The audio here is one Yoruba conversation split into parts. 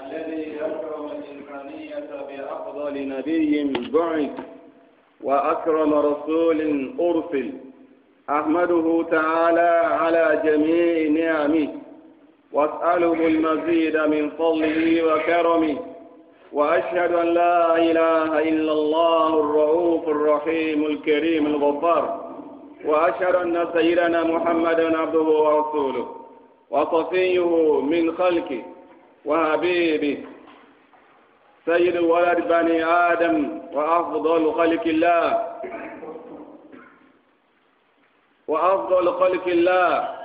الذي الإنسانية بأفضل نبي بعث وأكرم رسول أرسل أحمده تعالى على جميع نعمه واسأله المزيد من فضله وكرمه وأشهد أن لا إله إلا الله الرؤوف الرحيم الكريم الغفار وأشهد أن سيدنا محمدا عبده ورسوله وصفيه من خلقه وحبيبي سيد ولد بني آدم وأفضل خلق الله وأفضل خلق الله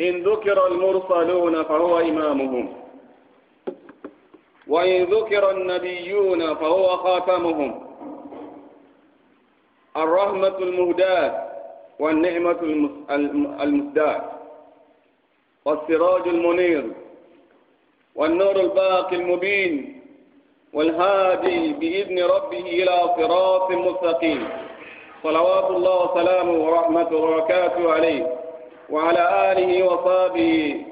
إن ذكر المرسلون فهو إمامهم وإن ذكر النبيون فهو خاتمهم الرحمة المهداة والنعمة المسداة والسراج المنير والنور الباقي المبين والهادي بإذن ربه إلى صراط مستقيم صلوات الله وسلامه ورحمته وبركاته عليه وعلى آله وصحبه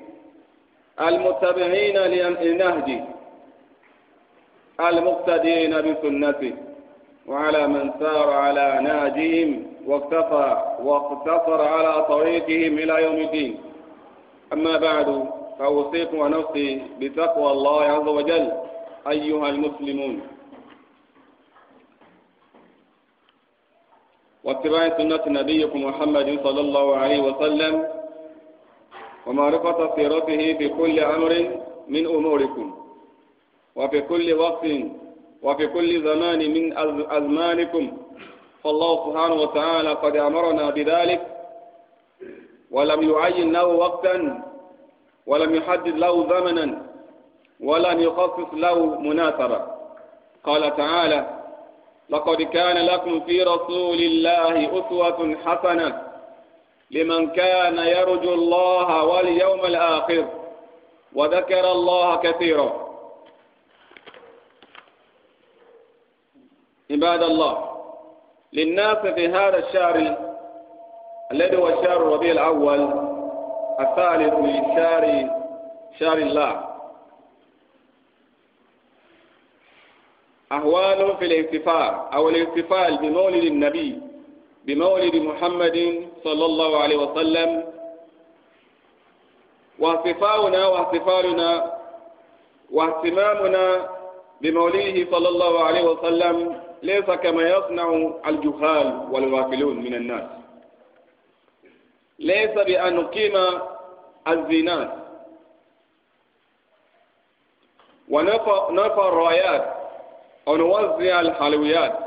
المتبعين لنهجه المقتدين بسنته وعلى من سار على نهجهم واقتفى واقتصر على طريقهم إلى يوم الدين أما بعد فأوصيكم ونفسي بتقوى الله عز وجل أيها المسلمون واتباع سنة نبيكم محمد صلى الله عليه وسلم ومعرفة سيرته في كل أمر من أموركم وفي كل وقت وفي كل زمان من أزمانكم فالله سبحانه وتعالى قد أمرنا بذلك ولم يعين له وقتا ولم يحدد له زمنا ولم يخصص له مناسبة قال تعالى لقد كان لكم في رسول الله أسوة حسنة لمن كان يرجو الله واليوم الآخر وذكر الله كثيرا عباد الله للناس في هذا الشهر الذي هو شهر ربيع الأول الثالث من شار شار الله أهوال في الاحتفال أو الاحتفال بمولد النبي بمولد محمد صلى الله عليه وسلم واحتفالنا واحتفالنا واهتمامنا بمولده صلى الله عليه وسلم ليس كما يصنع الجهال والغافلون من الناس ليس بأن نقيم الزينات ونفى الرايات ونوزع الحلويات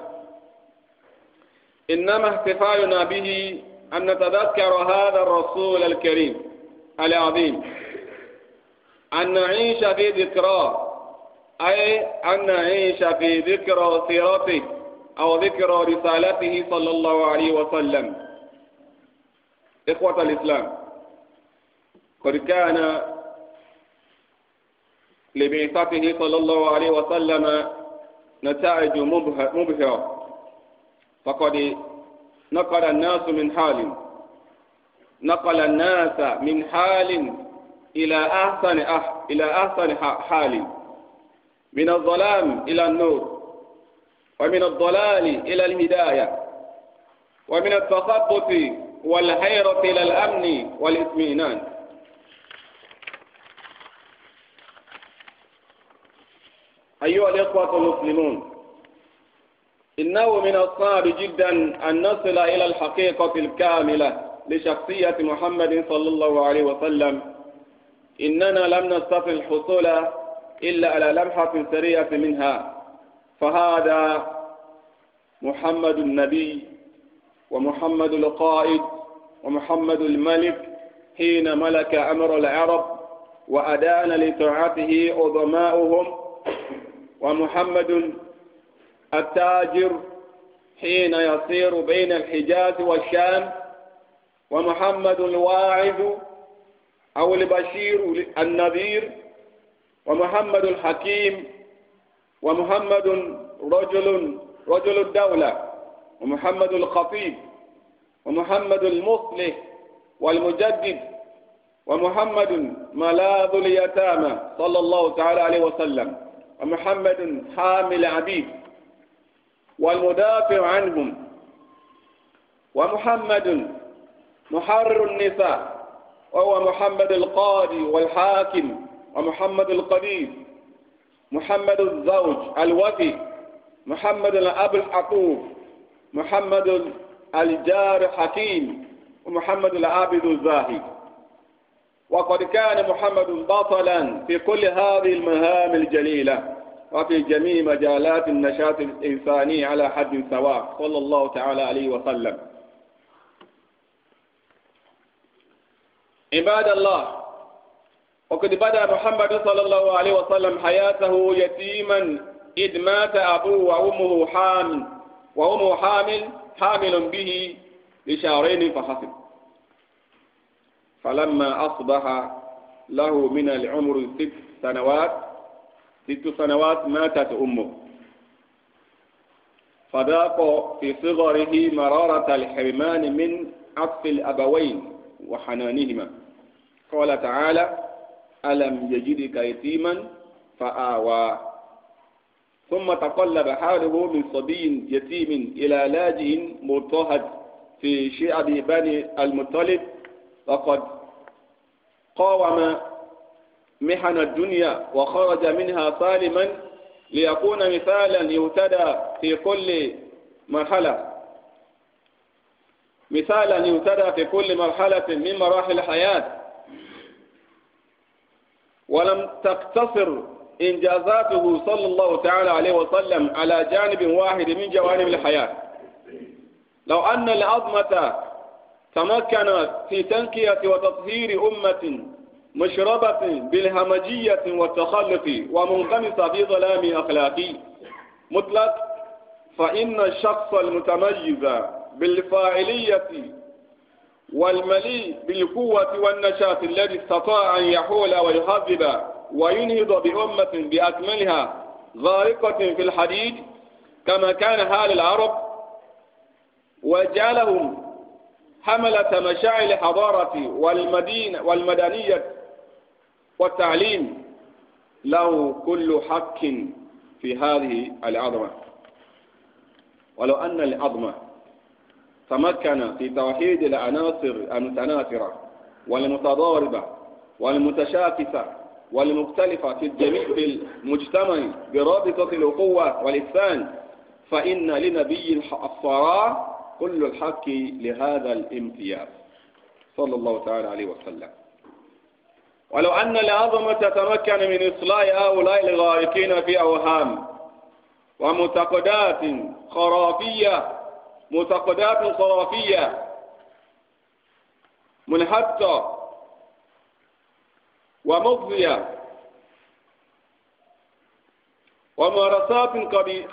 إنما احتفالنا به أن نتذكر هذا الرسول الكريم العظيم أن نعيش في ذكراه أي أن نعيش في ذكرى سيرته أو ذكرى رسالته صلى الله عليه وسلم إخوة الإسلام قد كان لبعثته صلى الله عليه وسلم نتائج مبهرة فقد نقل الناس من حال نقل الناس من حال إلى أحسن إلى أحسن حال من الظلام إلى النور ومن الضلال إلى الهداية ومن التخبط والحيرة إلى الأمن والإطمئنان أيها الإخوة المسلمون إنه من الصعب جدا أن نصل إلى الحقيقة الكاملة لشخصية محمد صلى الله عليه وسلم إننا لم نستطع الحصول إلا على لمحة سريعة منها فهذا محمد النبي ومحمد القائد ومحمد الملك حين ملك أمر العرب وأدان لطاعته عظماؤهم ومحمد التاجر حين يصير بين الحجاز والشام ومحمد الواعظ أو البشير النذير ومحمد الحكيم ومحمد رجل رجل الدولة ومحمد الخطيب ومحمد المصلح والمجدد ومحمد ملاذ اليتامى صلى الله تعالى عليه وسلم ومحمد حامل عبيد والمدافع عنهم ومحمد محرر النساء وهو محمد القاضي والحاكم ومحمد القديس محمد الزوج الوفي محمد الأب الحقوق محمد الجار حكيم ومحمد العابد الزاهد وقد كان محمد بطلا في كل هذه المهام الجليلة وفي جميع مجالات النشاط الإنساني على حد سواء صلى الله تعالى عليه وسلم عباد الله وقد بدأ محمد صلى الله عليه وسلم حياته يتيما إذ مات أبوه وأمه حامل وهم حامل حامل به لشهرين فحسب فلما أصبح له من العمر ست سنوات ست سنوات ماتت أمه فذاق في صغره مرارة الحرمان من عطف الأبوين وحنانهما قال تعالى ألم يجدك يتيما فآوى ثم تقلب حاله من صبي يتيم إلى لاجئ مضطهد في شعب بني المطلب وقد قاوم محن الدنيا وخرج منها سالما ليكون مثالا يهتدى في كل مرحلة مثالا يهتدى في كل مرحلة من مراحل الحياة ولم تقتصر إنجازاته صلى الله تعالى عليه وسلم على جانب واحد من جوانب الحياة لو أن العظمة تمكنت في تنكية وتطهير أمة مشربة بالهمجية والتخلف ومنغمسة في ظلام أخلاقي مطلق فإن الشخص المتميز بالفاعلية والمليء بالقوة والنشاط الذي استطاع أن يحول ويهذب وينهض بأمة بأكملها غارقة في الحديد كما كان حال العرب وجعلهم حملة مشاعل الحضارة والمدينة والمدنية والتعليم له كل حق في هذه العظمة ولو أن العظمة تمكن في توحيد العناصر المتناثرة والمتضاربة والمتشاكسة والمختلفة في الجميع في المجتمع برابطة الأخوة والإحسان فإن لنبي الصراع كل الحق لهذا الامتياز صلى الله تعالى عليه وسلم ولو أن العظمة تتمكن من إصلاح هؤلاء الغارقين في أوهام ومعتقدات خرافية معتقدات خرافية منحطة ومضيا وممارسات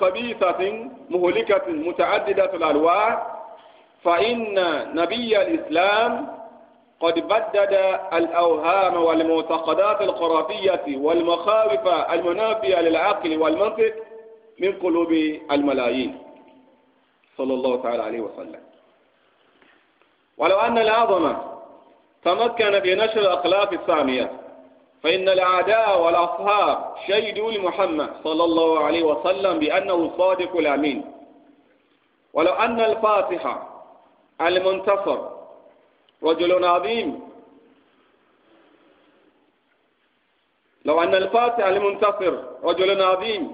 خبيثة مهلكة متعددة الألوان فإن نبي الإسلام قد بدد الأوهام والمعتقدات الخرافية والمخاوف المنافية للعقل والمنطق من قلوب الملايين صلى الله تعالى عليه وسلم ولو أن العظمة تمكن بنشر الأخلاق السامية فإن الأعداء والأصحاب شهدوا لمحمد صلى الله عليه وسلم بأنه الصادق الأمين ولو أن الفاتحة المنتصر رجل عظيم لو أن الفاتح المنتصر رجل عظيم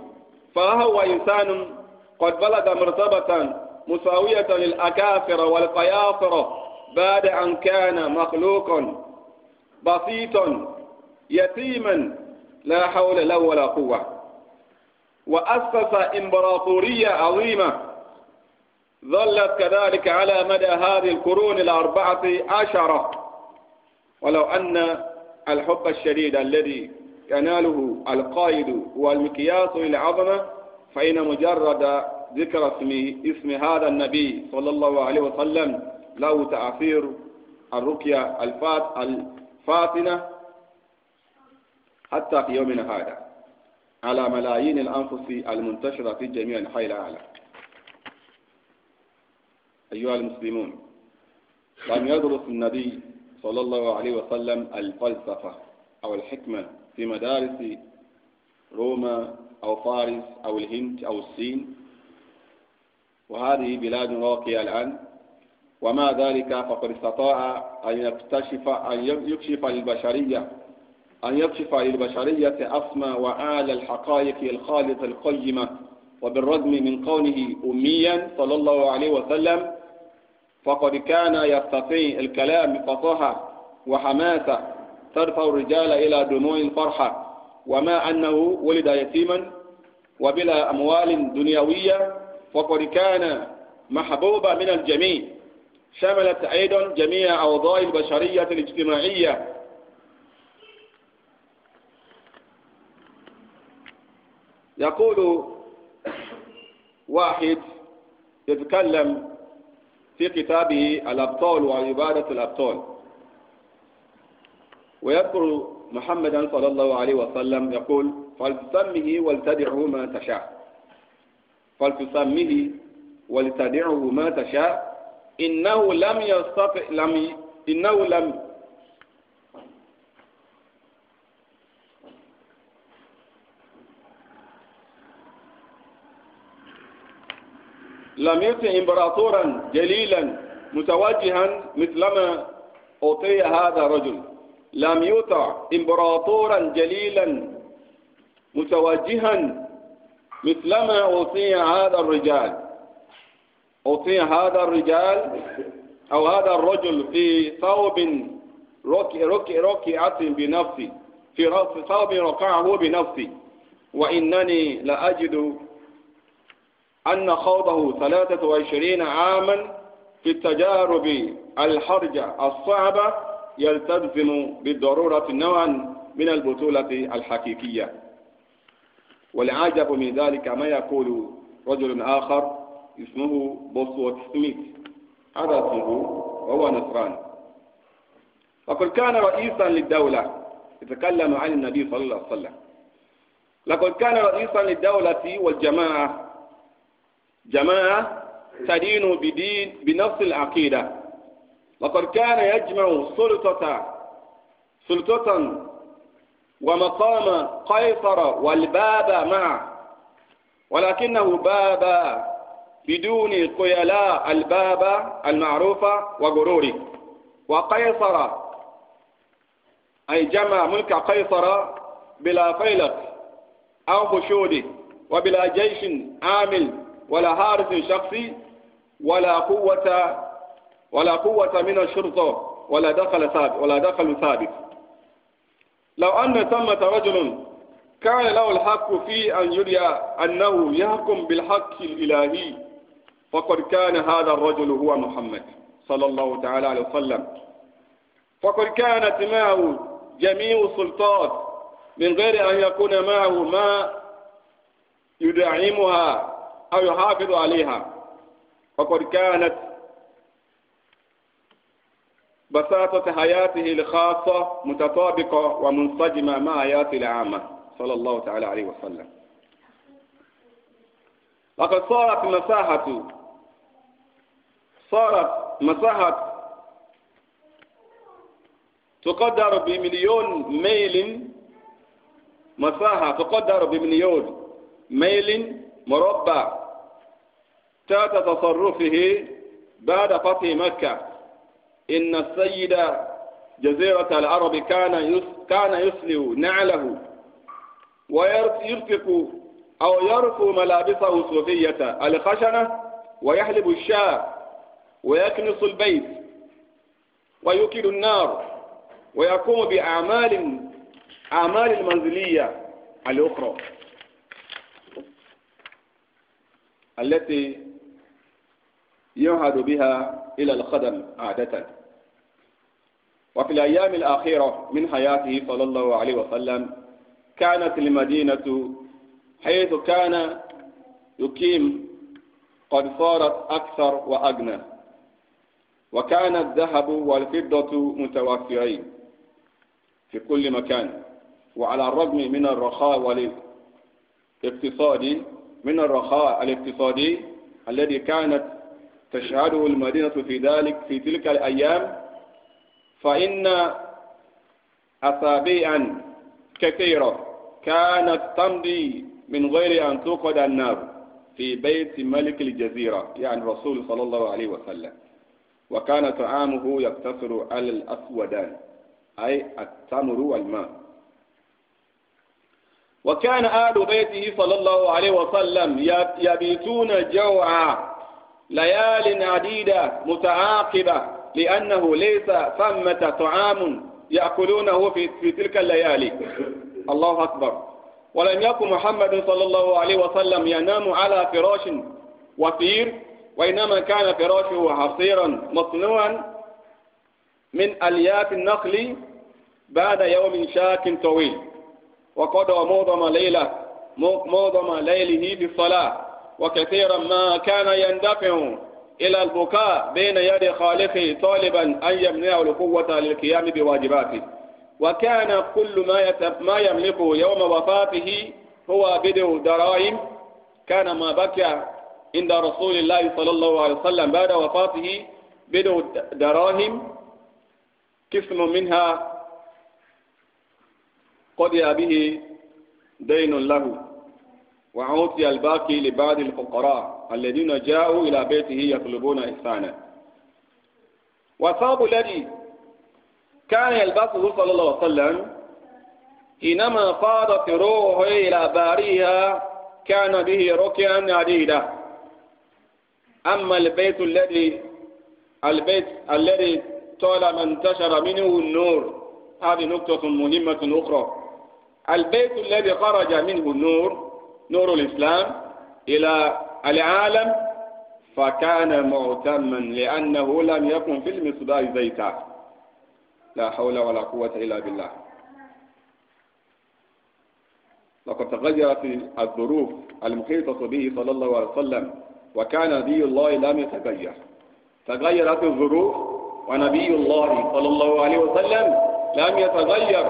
فهو إنسان قد بلغ مرتبة مساوية للأكافر والقيافر بعد أن كان مخلوقا بسيطا يتيما لا حول له ولا قوة وأسس إمبراطورية عظيمة ظلت كذلك على مدى هذه القرون الأربعة عشرة ولو أن الحب الشديد الذي يناله القائد هو المقياس للعظمة فإن مجرد ذكر اسم اسم هذا النبي صلى الله عليه وسلم له تأثير الرقية الفاتنة حتى في يومنا هذا على ملايين الأنفس المنتشرة في جميع أنحاء العالم أيها المسلمون لم يدرس النبي صلى الله عليه وسلم الفلسفة أو الحكمة في مدارس روما أو فارس أو الهند أو الصين وهذه بلاد راقية الآن ومع ذلك فقد استطاع أن يكتشف أن يكشف للبشرية أن يصف للبشرية أسمى وأعلى الحقائق الخالصة القيمة وبالرغم من كونه أميا صلى الله عليه وسلم فقد كان يستطيع الكلام بفصاحة وحماسة ترفع الرجال إلى دموع الفرحة وما أنه ولد يتيما وبلا أموال دنيوية فقد كان محبوبا من الجميع شملت أيضا جميع أوضاع البشرية الاجتماعية يقول واحد يتكلم في كتابه الأبطال وعبادة الأبطال ويذكر محمدا صلى الله عليه وسلم يقول فلتسمه ولتدعه ما تشاء فلتسمه ولتدعه ما تشاء إنه لم يستطع لم إنه لم لم يطع إمبراطورا جليلا متوجها مثلما أعطي هذا الرجل لم يطع إمبراطورا جليلا متوجها مثلما أعطي هذا الرجال أعطي هذا الرجال أو هذا الرجل في ثوب ركعة ركع ركع بنفسي في ثوب ركعه بنفسي وإنني لأجد أن خوضه 23 عاما في التجارب الحرجة الصعبة يلتزم بالضرورة نوعا من البطولة الحقيقية والعجب من ذلك ما يقول رجل آخر اسمه بوسوت سميث هذا اسمه وهو نصران فقد كان رئيسا للدولة يتكلم عن النبي صلى الله عليه وسلم لقد كان رئيسا للدولة والجماعة جماعة تدين بدين بنفس العقيدة وقد كان يجمع سلطة سلطة ومقام قيصر والباب معه ولكنه باب بدون قيلاء الباب المعروفة وغروره وقيصر أي جمع ملك قيصر بلا فيلق أو خشود وبلا جيش عامل ولا حارس شخصي ولا قوة ولا قوة من الشرطة ولا دخل ثابت ولا دخل ثابت لو أن ثمة رجل كان له الحق في أن يري أنه يحكم بالحق الإلهي فقد كان هذا الرجل هو محمد صلى الله تعالى عليه وسلم فقد كانت معه جميع السلطات من غير أن يكون معه ما يدعمها أو يحافظ عليها فقد كانت بساطة حياته الخاصة متطابقة ومنسجمة مع حياته العامة صلى الله تعالى عليه وسلم لقد صارت مساحة صارت مساحة تقدر بمليون ميل مساحة تقدر بمليون ميل مربع شاة تصرفه بعد فتح مكة إن السيد جزيرة العرب كان كان يسلو نعله ويرفق أو يرفو ملابسه صوفية الخشنة ويحلب الشاة ويكنس البيت ويوكل النار ويقوم بأعمال أعمال المنزلية الأخرى التي يعهد بها إلى القدم عادة وفي الأيام الأخيرة من حياته صلى الله عليه وسلم كانت المدينة حيث كان يقيم قد صارت أكثر وأغنى وكان الذهب والفضة متوفرين في كل مكان وعلى الرغم من الرخاء والاقتصادي من الرخاء الاقتصادي الذي كانت تشهده المدينة في ذلك في تلك الأيام فإن أصابيعا كثيرة كانت تمضي من غير أن توقد النار في بيت ملك الجزيرة يعني الرسول صلى الله عليه وسلم وكان طعامه يقتصر على الأسودان أي التمر والماء وكان أهل بيته صلى الله عليه وسلم يبيتون جوعا ليال عديدة متعاقبة لأنه ليس ثمة طعام يأكلونه في, تلك الليالي الله أكبر ولم يكن محمد صلى الله عليه وسلم ينام على فراش وثير وإنما كان فراشه حصيرا مصنوعا من ألياف النخل بعد يوم شاك طويل وقضى معظم ليلة معظم ليله بالصلاة وكثيرا ما كان يندفع إلى البكاء بين يد خالقه طالبا أن يمنعه القوة للقيام بواجباته وكان كل ما ما يملكه يوم وفاته هو بدء دراهم كان ما بكى عند رسول الله صلى الله عليه وسلم بعد وفاته بدء دراهم قسم منها قضي به دين له وعطي الباقي لبعض الفقراء الذين جاءوا إلى بيته يطلبون إحسانا وصاب الذي كان يلبسه صلى الله عليه وسلم حينما فاضت روحه إلى باريها كان به ركيا عديدة أما البيت الذي البيت الذي طالما انتشر منه النور هذه نقطة مهمة أخرى البيت الذي خرج منه النور نور الإسلام إلى العالم فكان معتما لأنه لم يكن في المصباح زيتا لا حول ولا قوة إلا بالله لقد تغيرت الظروف المحيطة به صلى الله عليه وسلم وكان نبي الله لم يتغير تغيرت الظروف ونبي الله صلى الله عليه وسلم لم يتغير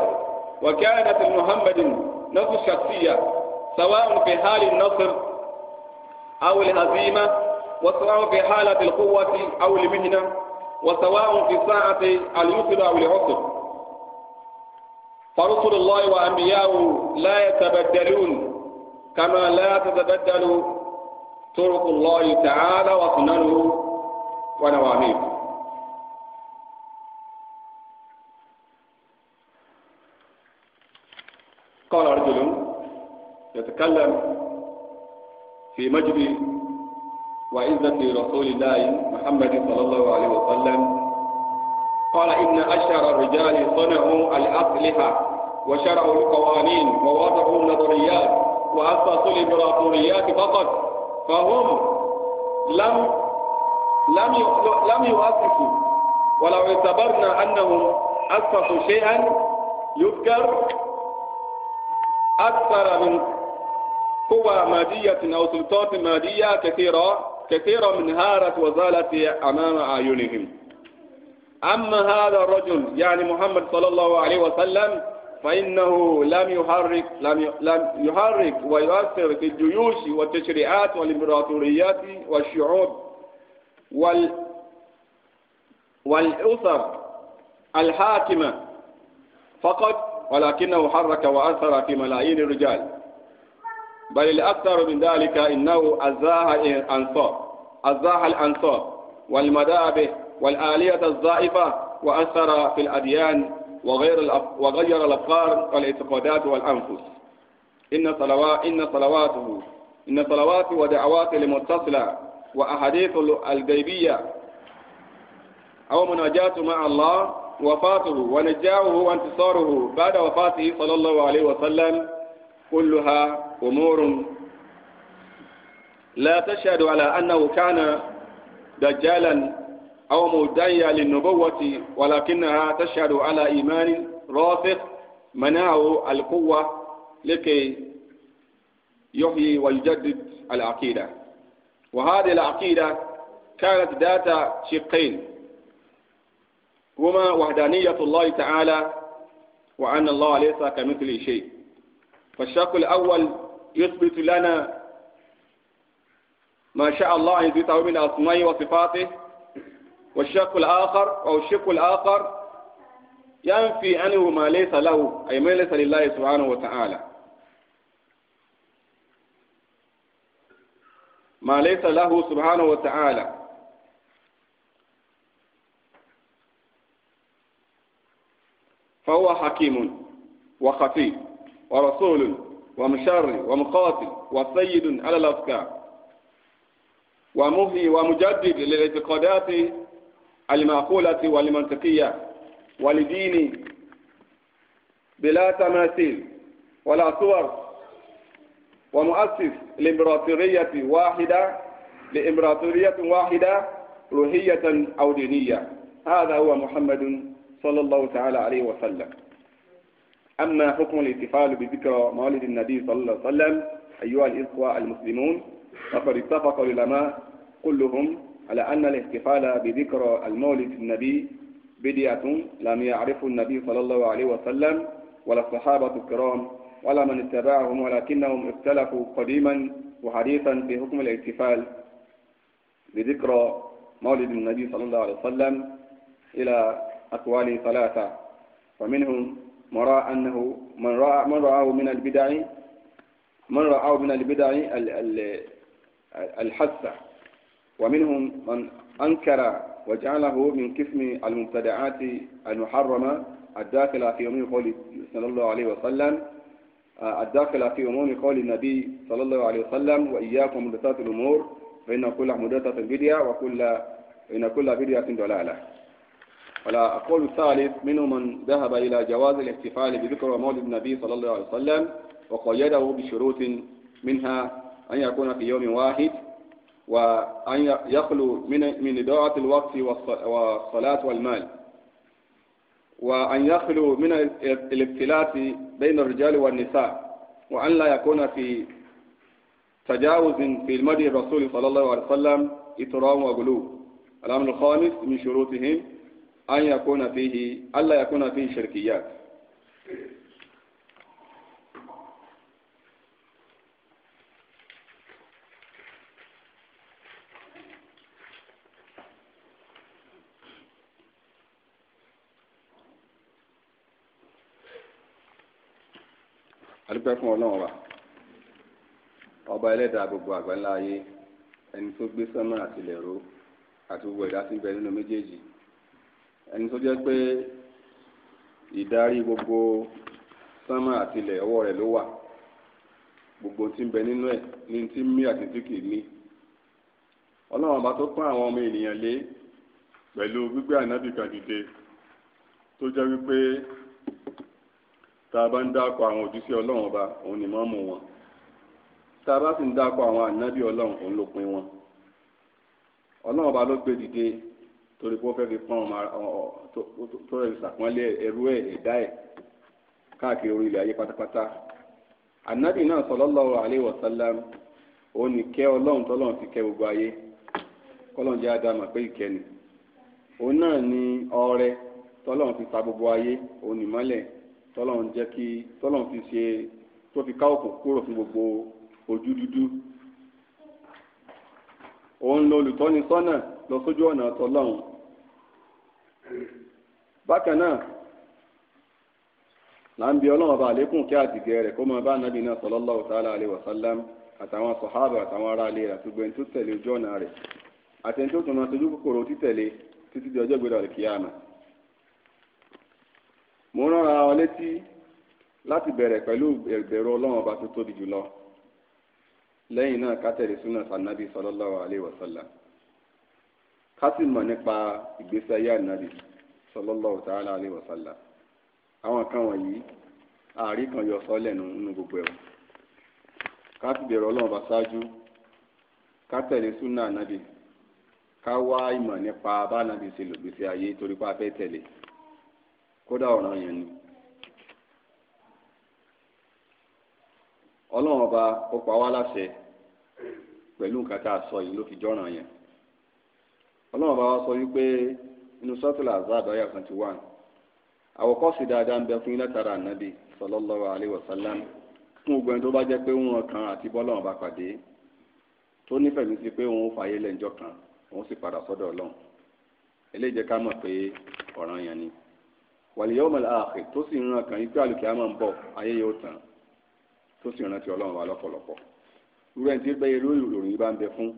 وكانت محمد نفس الشخصية سواء في حال النصر أو الهزيمة وسواء في حالة القوة أو المهنة وسواء في ساعة اليسر أو العسر فرسل الله وأنبياؤه لا يتبدلون كما لا تتبدل طرق الله تعالى وسننه ونواميه قال رجل يتكلم في مجد وعزة رسول الله محمد صلى الله عليه وسلم قال إن أشهر الرجال صنعوا الأسلحة وشرعوا القوانين ووضعوا النظريات وأسسوا الإمبراطوريات فقط فهم لم لم لم يؤسسوا ولو اعتبرنا أنهم أسسوا شيئا يذكر أكثر من قوى مادية أو سلطات مادية كثيرة كثيرة من هارت وزالت أمام أعينهم أما هذا الرجل يعني محمد صلى الله عليه وسلم فإنه لم يحرك لم لم يحرك ويؤثر في الجيوش والتشريعات والإمبراطوريات والشعوب وال والأسر الحاكمة فقط ولكنه حرك وأثر في ملايين الرجال بل الأكثر من ذلك إنه أزاه الأنصار أزاه الأنصار والمذابح والآلية الزائفة وأثر في الأديان وغير وغير الأفكار والاعتقادات والأنفس إن صلوات إن صلواته إن صلوات ودعوات المتصلة وأحاديث الغيبية أو مناجاته مع الله وفاته ونجاؤه وانتصاره بعد وفاته صلى الله عليه وسلم كلها أمور لا تشهد على أنه كان دجالا أو مدعيا للنبوة ولكنها تشهد على إيمان راسخ منعه القوة لكي يحيي ويجدد العقيدة وهذه العقيدة كانت ذات شقين هما وحدانية الله تعالى وأن الله ليس كمثله شيء فالشق الأول يثبت لنا ما شاء الله يثبته من أسمائه وصفاته والشق الآخر أو الشق الآخر ينفي عنه ما ليس له أي ما ليس لله سبحانه وتعالى ما ليس له سبحانه وتعالى فهو حكيم وخفي ورسول ومشري ومقاتل وسيد على الأفكار ومهي ومجدد للاعتقادات المعقولة والمنطقية ولدين بلا تماثيل ولا صور ومؤسس لإمبراطورية واحدة لإمبراطورية واحدة روحية أو دينية هذا هو محمد صلى الله تعالى عليه وسلم أما حكم الاحتفال بذكرى مولد النبي صلى الله عليه وسلم أيها الإخوة المسلمون فقد اتفق العلماء كلهم على أن الاحتفال بذكرى المولد النبي بدعة لم يعرفه النبي صلى الله عليه وسلم ولا الصحابة الكرام ولا من اتبعهم ولكنهم اختلفوا قديما وحديثا في حكم الاحتفال بذكرى مولد النبي صلى الله عليه وسلم إلى أقوال ثلاثة ومنهم من أنه من رأى من رآه من البدع من رآه من البدع الحسة ومنهم من أنكر وجعله من قسم المبتدعات المحرمة الداخلة في يوم قول صلى الله عليه وسلم آه، الداخلة في يوم قول النبي صلى الله عليه وسلم وإياكم محدثات الأمور فإن كل مدرسة بدعة وكل إن كل بدعة ضلالة أقول الثالث منه من ذهب إلى جواز الاحتفال بذكر مولد النبي صلى الله عليه وسلم وقيده بشروط منها أن يكون في يوم واحد وأن يخلو من من إضاعة الوقت والصلاة والمال وأن يخلو من الاختلاف بين الرجال والنساء وأن لا يكون في تجاوز في المدي الرسول صلى الله عليه وسلم إترام وقلوب الأمر الخامس من شروطهم an yakuna fihi Allah yakuna fihi shirkiyat adúpẹ́ fún ọlọ́run wa ọba ẹlẹ́dàá gbogbo ayé ẹni tó gbé ẹni tó jẹ́ pé ìdarí gbogbo sánmà àtilẹ̀ ọwọ́ rẹ̀ ló wà gbogbo tí ń bẹ nínú ẹ̀ ní tí mí àti tí kì í mí ọlọ́run bá tó pọ́n àwọn ọmọ ènìyàn lé pẹ̀lú gbígbé ànábì kan dìde tó jẹ́ wípé tá a bá ń dákọ̀ àwọn òjíṣẹ́ ọlọ́run ọba òun ni mọ́ mú wọn tá a bá sì ń dákọ̀ àwọn ànábì ọlọ́run òun ló pin wọn ọlọ́run ọba ló gbé dìde torí o ó fẹ́ fi pọ́n tó rẹ̀ ṣàpọ́nlé ẹrú ẹ̀ ẹ̀dá ẹ̀ káàkiri orí ilẹ̀ ayé pátápátá ànábì náà sallallahu alaihi wasallam ó ní kẹ́ ọlọ́run tọ́lọ́run ti kẹ́ gbogbo ayé jẹ́ ádámà pé ìkẹ́ni òun náà ní ọrẹ tọ́lọ́run fi ta gbogbo ayé òun ní mọ́lẹ̀ tọ́lọ́run jẹ́ kí tọ́lọ́run fi ṣe tó fi ká òkun kúrò fún gbogbo ojú dúdú bákan náà là ń bi ọlọ́run ọba àlékún kí àtìgẹ rẹ̀ kó máa bá nàbì náà sallallahu ta'ala alaihi wasallam àtàwọn sọ̀hábà àtàwọn ará ilé rẹ̀ àtúgbẹ́ ní tó tẹ̀lé ojú ọ̀nà rẹ̀ àti ní tó tún náà sojú kòkòrò títẹ̀lé títí di ọjọ́ ìgbéra mo ara létí láti ká sì mọ̀ nípa ìgbésí ayé ànábì sallallahu ta'ala alaihi wa àwọn kan wọ̀nyí ààrí kan yọ nínú gbogbo ẹ̀wọ̀n ká sì bẹ̀rẹ̀ bá ṣáájú ká tẹ̀lé súnà ànábì ká wá ìmọ̀ nípa bá ànábì ṣe lògbésí ayé torí pé a fẹ́ kódà ọ̀ràn yẹn ni. ọlọ́run ọba ó pa wá láṣẹ ọlọ́run bá wa sọ wípé inú sọ́tìlà azad ọ̀yà kan ti wà àwòkọ́sì dáadáa ń bẹ fún yín látara ànábì sallallahu alaihi wasallam fún gbogbo ẹni tó bá jẹ́ pé wọn kan àti bọ́lọ́run bá pàdé tó nífẹ̀ẹ́ mi sí pé òun fàyè lẹ́njọ́ kan òun sì padà sọ́dọ̀ ọlọ́run eléyìí jẹ́ ká mọ̀ pé ọ̀ràn yẹn ni wal yawmal akhir tó sì ràn kàn yín pé àlùkìyámà ń bọ̀ ayé yóò tán tó sì rántí ọlọ́run wa lọ́pọ̀lọpọ̀ irú ẹni tí gbẹ́yẹ lórí ìròyìn bá ń bẹ fún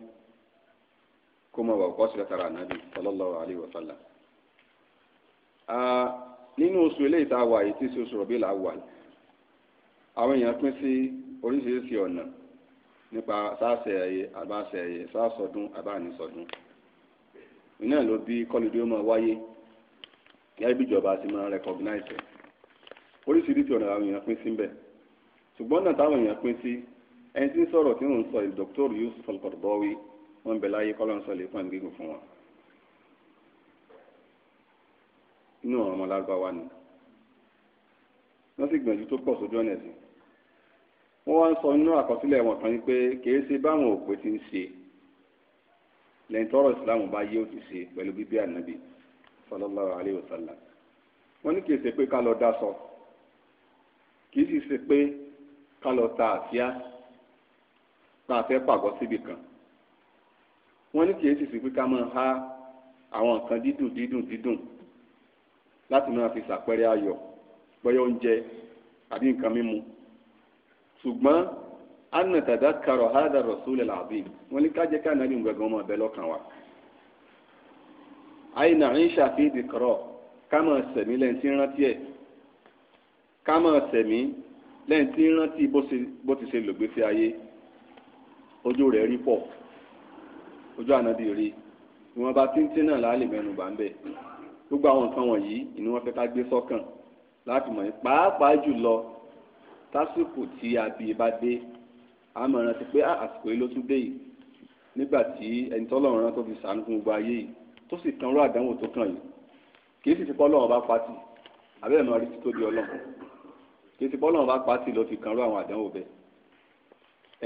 kó mọ̀ wà kọ́ sí látara ànábì sallallahu alayhi wa sallam. nínú oṣù eléyìí tá a wà yìí tí sí oṣù rọ̀bí là á wà yìí àwọn èèyàn pín sí oríṣiríṣi ọ̀nà nípa sáàsẹ̀ ẹ̀yẹ àbáṣẹ̀ ẹ̀yẹ sáàsọdún àbáàníṣọdún iná ló bí kọ́lidé ó máa wáyé gẹ́gẹ́ bí ìjọba ti máa rẹ́kọ̀gnáìsì oríṣiríṣi ọ̀nà àwọn èèyàn pín sí bẹ́ẹ̀ ṣùgbọ́n náà táwọn èèyàn pín sí ẹni tí ń sọ̀rọ̀ tí mò ń sọ Yusuf al wọ́n ń bẹ láyé kọ́lọ́ ń sọ lè fún gígùn fún wọn. inú àwọn ọmọ lárúbáwá ni wọ́n sì gbìyànjú tó pọ̀ sójú ọ̀nà ẹ̀sìn wọ́n wá ń sọ nínú àkọsílẹ̀ wọn kan ni pé kìí ṣe báwọn òpè ti ń ṣe lẹ́yìn tọrọ ìsìláàmù bá yé ó ti ṣe pẹ̀lú bíbí ànábì sallallahu alayhi wa sallam wọ́n ní kìí ṣe pé ká lọ dá sọ kìí sì ṣe pé ká lọ ta àsíá tá a fẹ́ pàgọ́ síbì kan wọ́n ní kìí ṣèṣì pé ká máa há àwọn nǹkan dídùn dídùn dídùn láti máa fi ṣàpẹẹrẹ ayọ̀ bóyá oúnjẹ àbí nǹkan mímu ṣùgbọ́n anna tàdá karọ̀ hádà rọ̀súlẹ̀ làbí wọ́n ní ká jẹ́ ká nàbí gbẹ̀gbọ́n ọmọ ọ̀bẹ lọ́kàn wa. àyìnà ń ṣàfihàn ìdìkọ̀rọ̀ ká máa sẹ̀mí lẹ́yìn tí ń rántí ẹ̀ ká máa sẹ̀mí lẹ́yìn tí ń rántí bó ti ṣe lògbèsè ayé ojú rẹ̀ rí pọ̀ ojú ànábì rí ìwọ̀nba tíntín náà láàlè mẹ́nu bá ń bẹ̀ gbogbo àwọn nǹkan wọ̀nyí ni wọ́n fẹ́ ká gbé sọ́kàn láti mọ̀ yín pàápàá jùlọ tásìkò tí àbí bá dé a máa rántí pé ah, àsìkò yìí ló tún dé yìí nígbà tí ẹni tọ́lọ́run rán tó fi sànú fún gbogbo ayé yìí tó sì kan ró àdánwò tó kàn yìí kì sì ti pọ́lọ́run bá pati àbẹ́rẹ́ mọ́ rí ti tóbi ọlọ́run kì í sì pọ́lọ́run bá pati ló fi kan ró àwọn àdánwò bẹ́ẹ̀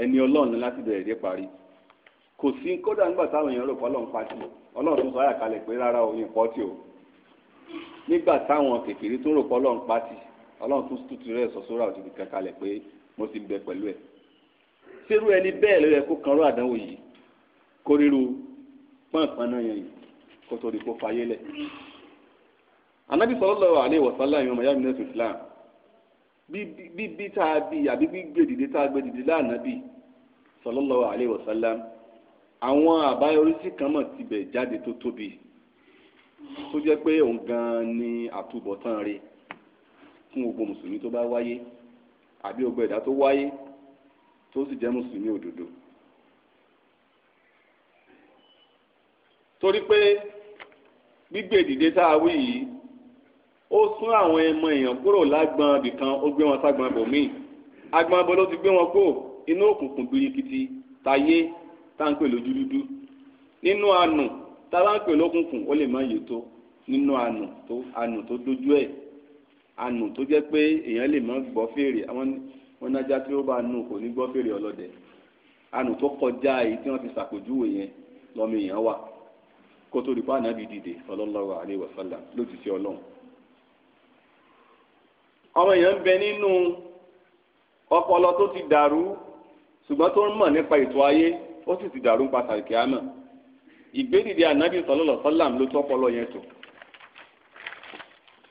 ẹni ọlọ́run láti bẹ̀rẹ̀ dé parí kò sí kódà nígbà táwọn èèyàn rò pé ọlọ́run pàtì ọlọ́run tún sọ ayà kalẹ̀ pé rárá o yìnbọn tí o nígbà táwọn tún rò pé ọlọ́run ọlọ́run tún tutù rẹ̀ sọ kalẹ̀ pé mo ti bẹ pẹ̀lú ẹ̀ ẹni bẹ́ẹ̀ kó kanró àdánwò yìí kó ríru pọ́npọ́n náà anabi wasallam yìí tá a bí àbí tá a wasallam àwọn àbáyọrísí kan mọ̀ tibẹ̀ jáde tó tóbi tó jẹ́ pé òun gan-an ni àtúbọ̀tán rẹ̀ fún gbogbo mùsùlùmí tó bá wáyé àbí gbogbo ẹ̀dá tó wáyé tó sì jẹ́ mùsùlùmí òdodo. torí pé gbígbé dìde tá a wí yìí ó sún àwọn ẹmọ èèyàn kúrò lágbọn ibìkan ó gbé wọn ságbọn ibòmíì agbọn abọ ló ti gbé wọn kó inú òkùnkùn birikiti tayé tá à ń pè lójú dúdú nínú àánú tá à ń pè lókùnkùn ó lè má yé tó nínú àánú tó àánú tó dojú ẹ̀ àánú tó jẹ́ pé èèyàn lè má gbọ́ fèrè wọn nájà tí ó bá nù kò ní gbọ́ fèrè ọlọ́dẹ tó kọjá tí wọ́n ti ṣàpèjúwe yẹn lọ́mọ èèyàn wà kó tó di pa ànábì dìde sallallahu alaihi lójúṣe ọlọ́run ọpọlọ tó ti dàrú ṣùgbọ́n tó mọ̀ nípa ètò ayé ó sì ti dàrú pàtàkì kíámà ìgbédìde ànábì sọlọlọ sọlám ló tọpọlọ yẹn tó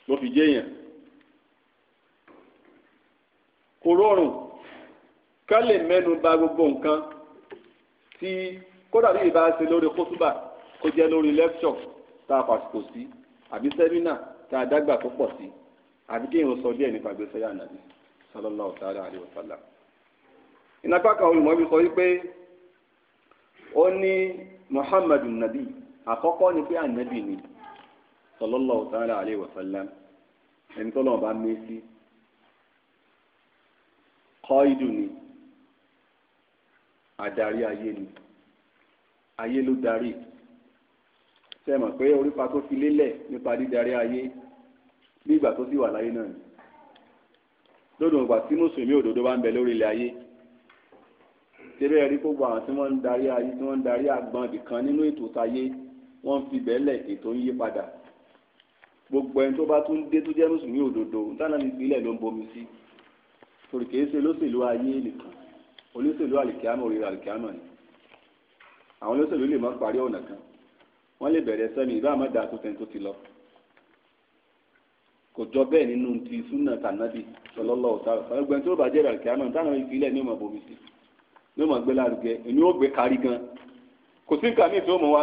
ló fi jẹyàn kò rọrùn ká lè mẹ́nu bà gbogbo nǹkan tí kódà bí ìbá ṣe lórí kóṣùbà kó jẹ́ lórí lẹ́kṣọ̀ tá a pàṣípò sí àbí sẹ́mínà tá a dágbà tó pọ̀ sí àbí kí èèyàn sọ díẹ̀ nípa gbèsè yà nàbí sọlọ́lá ọ̀tá àríwọ̀sálà. ìnagbákan olùmọ̀ bí sọ wípé ó ní muhammadu nabi àkọ́kọ́ ni pé ànábì ni sallallahu ta'ala alayhi wa sallam ẹni tó lọ́wọ́ bá mé sí kọ́ìdù ni adarí ayé ni ayé ló darí ṣe mọ̀ pé orípa tó fi lélẹ̀ nípa dídarí ayé bí ìgbà tó sì wà láyé náà ni lódò ìgbà tí mùsùlùmí òdodo bá ń bẹ lórí ilẹ̀ ayé tẹ́lẹ̀ rí gbogbo àwọn tí wọ́n ń darí ayé tí wọ́n ń darí àgbọ̀ndì kan nínú ètò táyé wọ́n ń fi bẹ́ẹ̀lẹ̀ ètò ń yí padà gbogbo ẹni tó bá tún dé tó jẹ́ mùsùlùmí òdodo dáná ní ìpínlẹ̀ ló ń bomi sí torí kìí ṣe olóṣèlú ayé nìkan olóṣèlú àlìkíámọ̀ òrìrì àlìkíámọ̀ ni àwọn olóṣèlú lè má parí ọ̀nà kan wọ́n lè bẹ̀rẹ̀ sẹ́mi ìbá àmọ́dá tó tẹ̀ tó ti lọ kò jọ bẹ́ẹ̀ nínú ti súnà tànàbì sọlọ́lọ́ ọ̀tá ọ̀gbẹ́ni tó bàjẹ́ àlìkíámọ̀ dáná ní ìpínlẹ̀ ní ìmọ̀ bomi sí ní o máa gbé lárugẹ èmi ò gbé kárí gan kò sí nǹkan míì tí ó mọ wá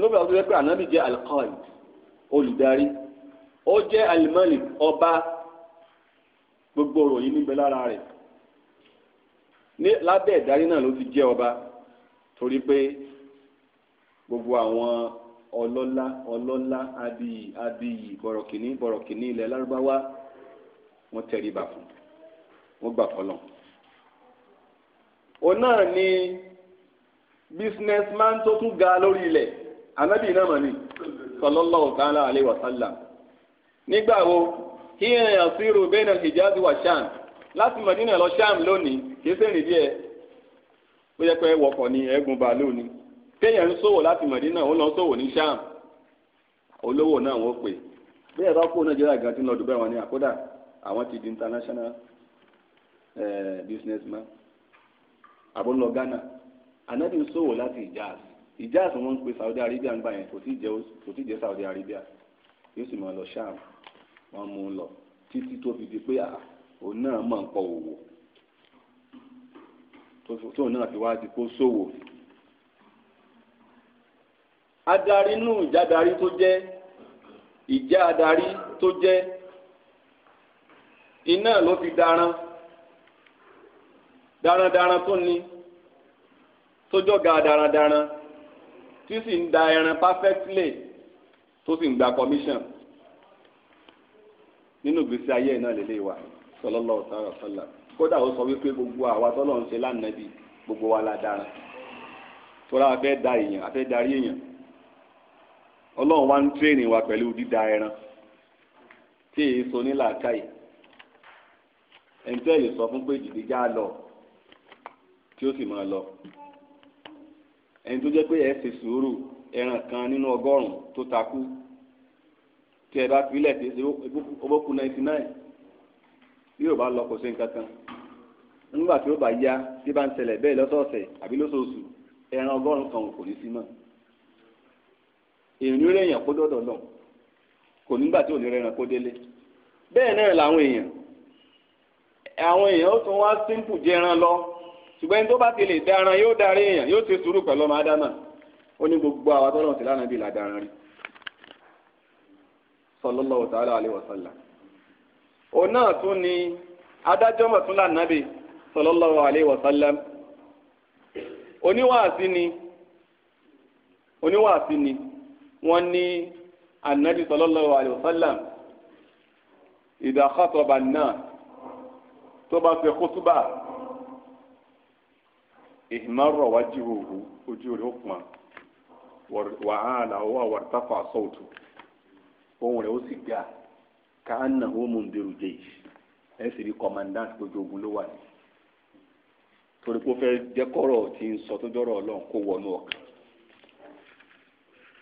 lóbi àwọn tó yẹ pé ànábì jẹ alikọọlì olùdarí ó jẹ alimọlì ọba gbogbo ròyìn níbẹ̀ lára rẹ̀ ní lábẹ́ ìdarí náà ló ti jẹ́ ọba torí pé gbogbo àwọn ọlọ́lá ọlọ́lá abiyì abiyì bọ̀rọ̀kìnní bọ̀rọ̀kìnní ilẹ̀ lárúbáwá wọ́n tẹríba fún wọ́n gbà fọlọ́n. òun náà ni businessman tó tún ga lórí ilẹ̀ anábì náà mọ̀ ni sallallahu ta'ala alayhi wa nígbà wo hiya yasiru bena hijazi wa sham láti Madina lọ sham lónìí kì í sẹ́rìn díẹ̀ ó yẹ pé wọkọ̀ ni ẹ̀gùn bàálù ni kéèyàn ń ṣòwò láti Madina ó lọ ṣòwò ní sham olówó náà wọ́n pè bẹ́ẹ̀ bá kó nàìjíríà gan ti lọ Dubai wọn ni àkódà àwọn ti di international eh, businessman àbó lọ Ghana anabi ń ṣòwò láti Hijaz Hijaz wọn ń pe Saudi Arabia ń gbà yẹn kò tí ì jẹ́ Saudi Arabia yóò sì máa lọ Sham wọn mú un lọ títí tó fi di pé òun náà máa ń pọ òwò tóun náà fi wá di kó ṣòwò adarí nù ìjádari tó jẹ́ ìjá adarí tó jẹ́ iná ló fi daran. darandaran tó ní sójọ́ ga darandaran tí sì ń da ẹran perfectly tó sì ń gba commission nínú ìgbésí ayé náà lélẹ̀ wa sallallahu ta'ala sọlá kódà ó sọ wípé gbogbo àwa tọ́lọ̀ ń gbogbo wa la dara tọ́lá fẹ́ da èèyàn darí èèyàn ọlọ́run wá ń tírèèni wa pẹ̀lú dídá sọ fún pé jìdíjà lọ tí ó sì máa lọ ẹni tó jẹ́ pé ẹ ṣe sùúrù ẹran kan nínú ọgọ́rùn tó takú tí ẹ bá filẹ̀ tí ṣe owókù ninety nine bí yóò bá lọ kò sí nǹkan kan nígbà tí ó bá yá tí bá ń ṣẹlẹ̀ bẹ́ẹ̀ lọ́sọ̀ọ̀sẹ̀ àbí lóṣooṣù ẹran ọgọ́rùn kan kò ní sí mọ́ èèyàn rẹ̀ èèyàn kó dọ́dọ̀ lọ kò nígbà tí ò ní rẹran kó délé bẹ́ẹ̀ náà làwọn èèyàn àwọn èèyàn ó tún wá símpù jẹran lọ ṣùgbọ́n ẹni tó bá ti lè daran yóò darí èèyàn yóò ṣe sùúrù pẹ̀lú ọmọ ádámà ó ní gbogbo àwọn tó lọ́n ti lánàá bí là daran rí sallallahu ta'ala alaihi wa sallam òun náà tún ni adájọ́ mọ̀ tún lànà bí sallallahu alaihi wa oníwàásí ni oníwàásí ni wọ́n ní anabi sallallahu alaihi wa sallam idha tó bá fẹ́ khutuba. ihmarra wajhuhu ojú rẹ̀ ó pọ́n o ala huwa wartafa sawtu ohùn rẹ̀ ó sì ga ka annahu mundiru jaysh ẹ sì rí commandant gbogbo ogun ló wà ní torí pé ó fẹ́ jẹ́ tí ń sọ tó jọ́rọ̀ ọlọ́run kó wọnú ọkàn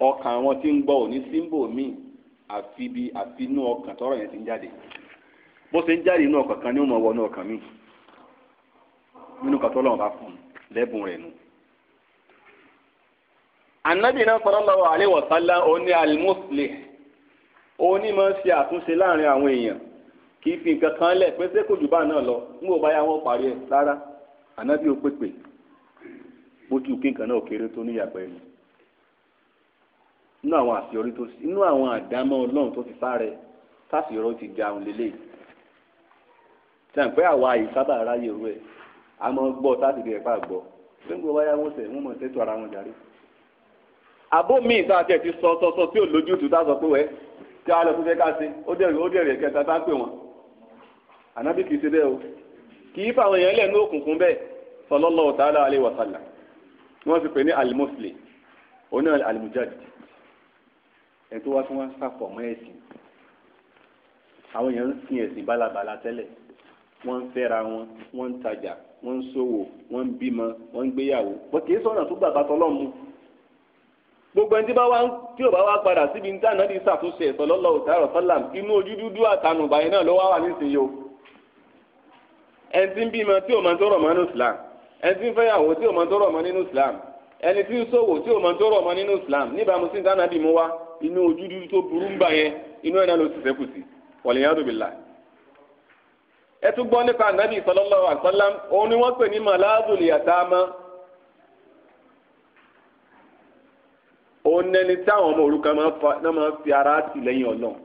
ọkàn àwọn tí ń gbọ́ símbò míì àfi bí àfinú ọkàn yẹn ti ń jáde bó ṣe ń jáde inú ọkàn kan ni ó mọ̀ wọnú ọkàn míì nínú bá fún un lẹ́bùn rẹ̀ nù. anabi náà sallallahu alaihi wa sallam oní al-muslih oní máa ń ṣe àtúnṣe láàrin àwọn èèyàn kì í fi nǹkan kan lẹ̀ pé lọ wọn parí ẹ̀ rárá anabi ó pèpè bójú kí nǹkan náà kéré tó níyàgbẹ́ ẹnu inú àwọn àṣeyọrí tó sí inú àwọn àdámọ́ ọlọ́run tó ti sáré ti lélẹ̀ tí àmọ́ gbọ́ sátidé ẹ̀fà gbọ́ gbẹ́ngbẹ́ wáyà wọ́n sẹ̀ wọ́n mọ̀ sẹ́tù ara wọn jàre. àbó mi ìta àti ẹ̀ ti sọ sọ sọ tí ò lójú tù tá a sọ pé wẹ́ tí a lọ fún fẹ́ ká ṣe ó dẹ̀rẹ̀ ó dẹ̀rẹ̀ kẹta tá a pè wọ́n. ànábì kì í ṣe bẹ́ẹ̀ o kì í fàwọn èèyàn lẹ̀ ní òkùnkùn bẹ́ẹ̀ sallallahu ta'ala alaihi wa sallam wọ́n ti pè ní alimusli oní alimujadid ẹ̀ tó wá tí wọ́n sàpọ̀ mọ́ ẹ̀sìn àwọn èèyàn ń sin ẹ̀sìn bálabàla tẹ́lẹ̀ wọ́n ń fẹ́ra wọn wọ́n ń tajà wọ́n ń ṣòwò wọ́n ń bímọ wọ́n ń gbéyàwó wọ́n kì í sọ̀nà tó gbàgbà tọ́lọ́mù gbogbo ẹni tí ó bá wá padà síbi ní tànà ní ìṣàtúnṣe ẹ̀sọ́ lọ́lọ́ òtárọ̀ sọ́làm inú ojú dúdú àtànùbà yẹn náà ló wá wà nísìnyí o ẹni tí ń bímọ tí ò mọ tó rọ̀ mọ́ nínú Islam ẹni tí ń fẹ́yàwó tí ò mọ tó rọ̀ mọ́ nínú Islam ẹni tí ń ṣòwò tí ò mọ tó rọ̀ mọ́ nínú Islam níbàámu sí ní tànà bí mo wá inú ojú dúdú tó burú ń bà yẹn inú ẹ̀ náà ló ti sẹ́kù sí wọ̀lẹ́yàdùbìlà etugbo tún gbọ́ nípa ànábì sallallahu alaihi òun ni wọ́n pè ní màláàzùl yatama òun nẹni tí ma ọmọ òrukàn máa fi ara tì lẹ́yìn ọlọ́run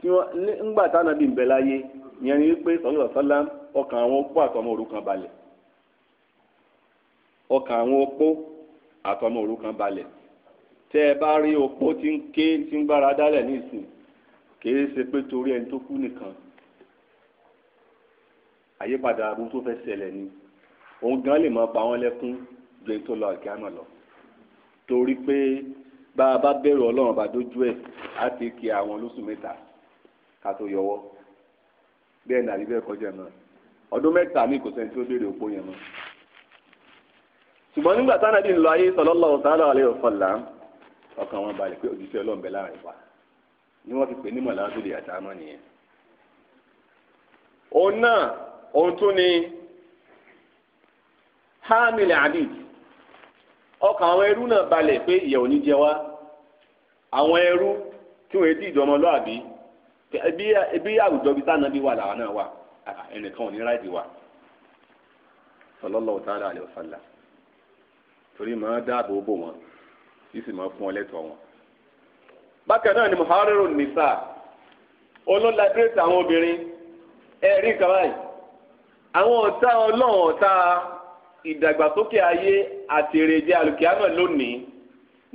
tí wọ́n ńgbà tánábì ń bẹ láyé ìyẹn ni wípé sallallahu alaihi ọkàn àwọn opó àtọmọ òrukàn balẹ̀ ọkàn àwọn opó àtọmọ òrukàn balẹ̀ tẹ́ ẹ bá rí opó tí ń kìí ṣe pé torí ẹni tó kú nìkan àyípadà aburú tó fẹ́ ṣẹlẹ̀ ni òun gan lè máa pa wọ́n lẹ́kún ju èyí tó lọ àkíámọ̀ lọ torí pé bá a bá bẹ̀rù ọlọ́run bá dójú ẹ̀ á ti kí àwọn lóṣù mẹ́ta ká tó yọwọ́ bẹ́ẹ̀ nàbí bẹ́ẹ̀ kọjá mọ́ ọdún mẹ́ta mi kò sẹ́ni tí ó béèrè òpó yẹn mọ́ ṣùgbọ́n nígbà tánàdì ń lọ ayé sallallahu ta'ala alaihi wasallam ọkàn wọn balẹ̀ pé òjíṣẹ́ ọlọ́run bẹ láàrin wa ni wọ́n ti pè ní mọ̀láṣílì àtàmọ́ nìyẹn. òun náà òun tún ni hamil abid ọkàn àwọn ẹrú náà balẹ̀ pé ìyà ò ní jẹ wá àwọn ẹrú tí wọ́n ti ìdọ́mọlúàbí bí àwùjọ bíi sáà náà bí wà làwọn náà wà ẹnìkan ò ní ráìdì wà sallallahu ta'ala alaihi wasallam torí máa dáàbò bò wọn yìí máa fún ọ lẹ́tọ̀ọ́ wọn bákan náà ni muhariru nisa olólàdírẹ́tì àwọn obìnrin ẹ̀rí kan báyìí àwọn ọ̀tá ọlọ́run ọ̀tá ìdàgbàsókè ayé àti èrèjẹ alùkìyàmọ̀ lónìí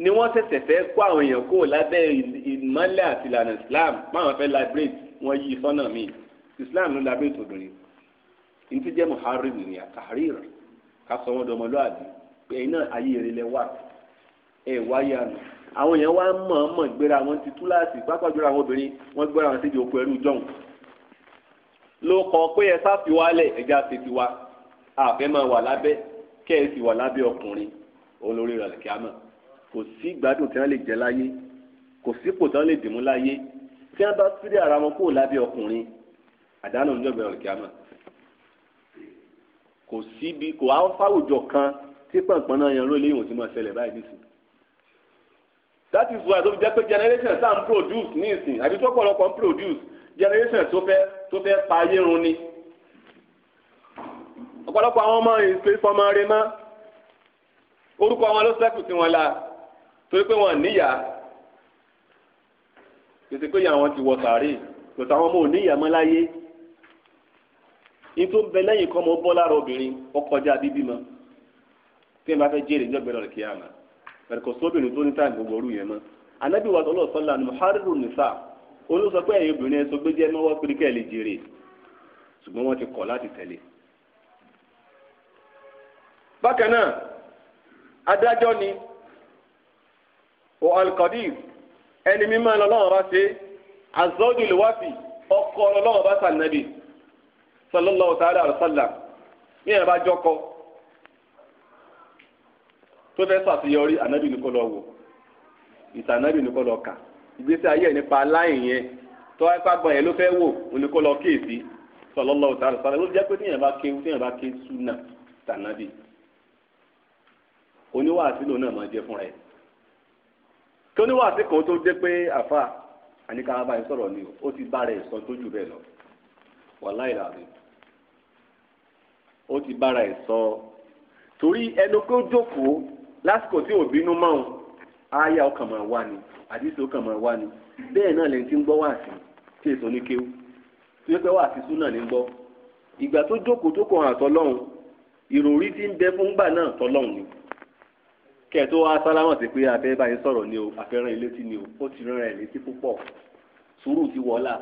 ni wọ́n ṣẹ̀ṣẹ̀ fẹ́ kó àwọn èèyàn kó lábẹ́ ìmọ̀lẹ̀ àti ìlànà Islam máwọn fẹ́ labirate wọ́n yí sọ́nà mi Islam ló labirate obìnrin ntí jẹ́ muhariru ni àtàríra ká sọ wọn dọmọlúwàbí pé iná ayé rẹ lẹ wà ẹ wáyé àná àwọn èèyàn wá ń mọ̀ ọ́n mọ̀ gbéra wọn ti túláàsì pápá jùlọ àwọn obìnrin wọn gbéra wọn síbi òkú ẹrú jọ̀hún ló kọ pé ẹ sáfi wálẹ̀ ẹja ṣe ti wa àfẹ́ máa wà lábẹ́ kẹ́ ẹ sì wà lábẹ́ ọkùnrin olórí rẹ̀ kí a mọ̀ kò sí gbádùn tí wọ́n lè jẹ láyé kò sípò tí wọ́n lè dìmú láyé tí wọ́n bá sílẹ̀ ara wọn kúrò lábẹ́ ọkùnrin àdánù níjọba rẹ̀ kí a mọ̀ kò síbi kò áwọ̀ that is why tóbi jẹ́ pé generation tá ń produce ní ìsìn àbí tó pọ̀lọpọ̀ ń produce generation tó fẹ́ tó fẹ́ pa ayé run ni ọ̀pọ̀lọpọ̀ àwọn ọmọ ìsìn fọmọ rẹ mọ́ orúkọ wọn ló ṣẹ́kù sí wọn la torí pé wọn níyà tètè pé àwọn ti wọ sàárè tòtò àwọn ọmọ ò níyà mọ́ láyé ní tó ń bẹ lẹ́yìn kọ́ mọ́ bọ́ lára obìnrin ọkọjá bíbí mọ́ tí wọ́n bá fẹ́ jèrè ní ọgbẹ́rẹ́ rẹ̀ kíá náà bẹ̀rẹ̀kọ̀ sóbìnrin tó ní táì gbogbo orú yẹn mọ́ anábì wa sọlọ sọlá ni muhariru nisa olùsọ pé ẹ̀yin obìnrin ẹ̀sọ́ gbé jẹ́ mọ́wọ́ píríkẹ́ lè jèrè ṣùgbọ́n wọ́n ti kọ̀ láti tẹ̀lé. bákan náà adájọ́ ni o alqadir ẹni mímọ́ ẹ̀ lọ́wọ́ bá ṣe azọ́jú lè wá ọkọ lọ́wọ́ bá sànàbì sọlọ́lọ́ ọ̀tá àdàrọ̀ sọlá ní ẹ̀ tó fẹ́ ṣàṣeyọrí ànábì ní kó lọ wò ìtànábì ní kó lọ kà ìgbésí ayé nípa aláìn yẹn tó wáyé pàgbọ́n yẹn ló fẹ́ wò ní kó lọ kéèsì sọlọ́lọ́ òtàlù sọlọ́ ló jẹ́ pé tíyẹn bá ké tíyẹn bá ké súnà tànábì oníwàásí lòun náà máa jẹ fúnra ẹ̀ kí oníwàásí kan tó dé pé àfa àníkàwá báyìí sọ̀rọ̀ ni ó ti bá rẹ̀ sọ tó jù bẹ́ẹ̀ lọ wàláì làbí ó ti bára ẹ̀ sọ torí ẹnu kó jókòó lásìkò tí òbí nú mọ́ òun àyà ọkàn máa wà ní àdìsí ọkàn máa wà ní bẹ́ẹ̀ náà lẹ́yìn tí ń gbọ́ wà sí tí èso ní kéwú tí ó pẹ́ wà sí súnà ní gbọ́ ìgbà tó jókòó tó kọ̀ hàn tọ́lọ́hún ìròrí tí ń bẹ fún gbà náà tọ́lọ́hún ni kẹ́ ẹ̀ tó wá sálámọ̀ sí pé abẹ́ báyìí sọ̀rọ̀ ni o àfẹ́ràn ìlétí ni o ó ti rán ẹ̀ létí púpọ̀ sùúrù ti wọlá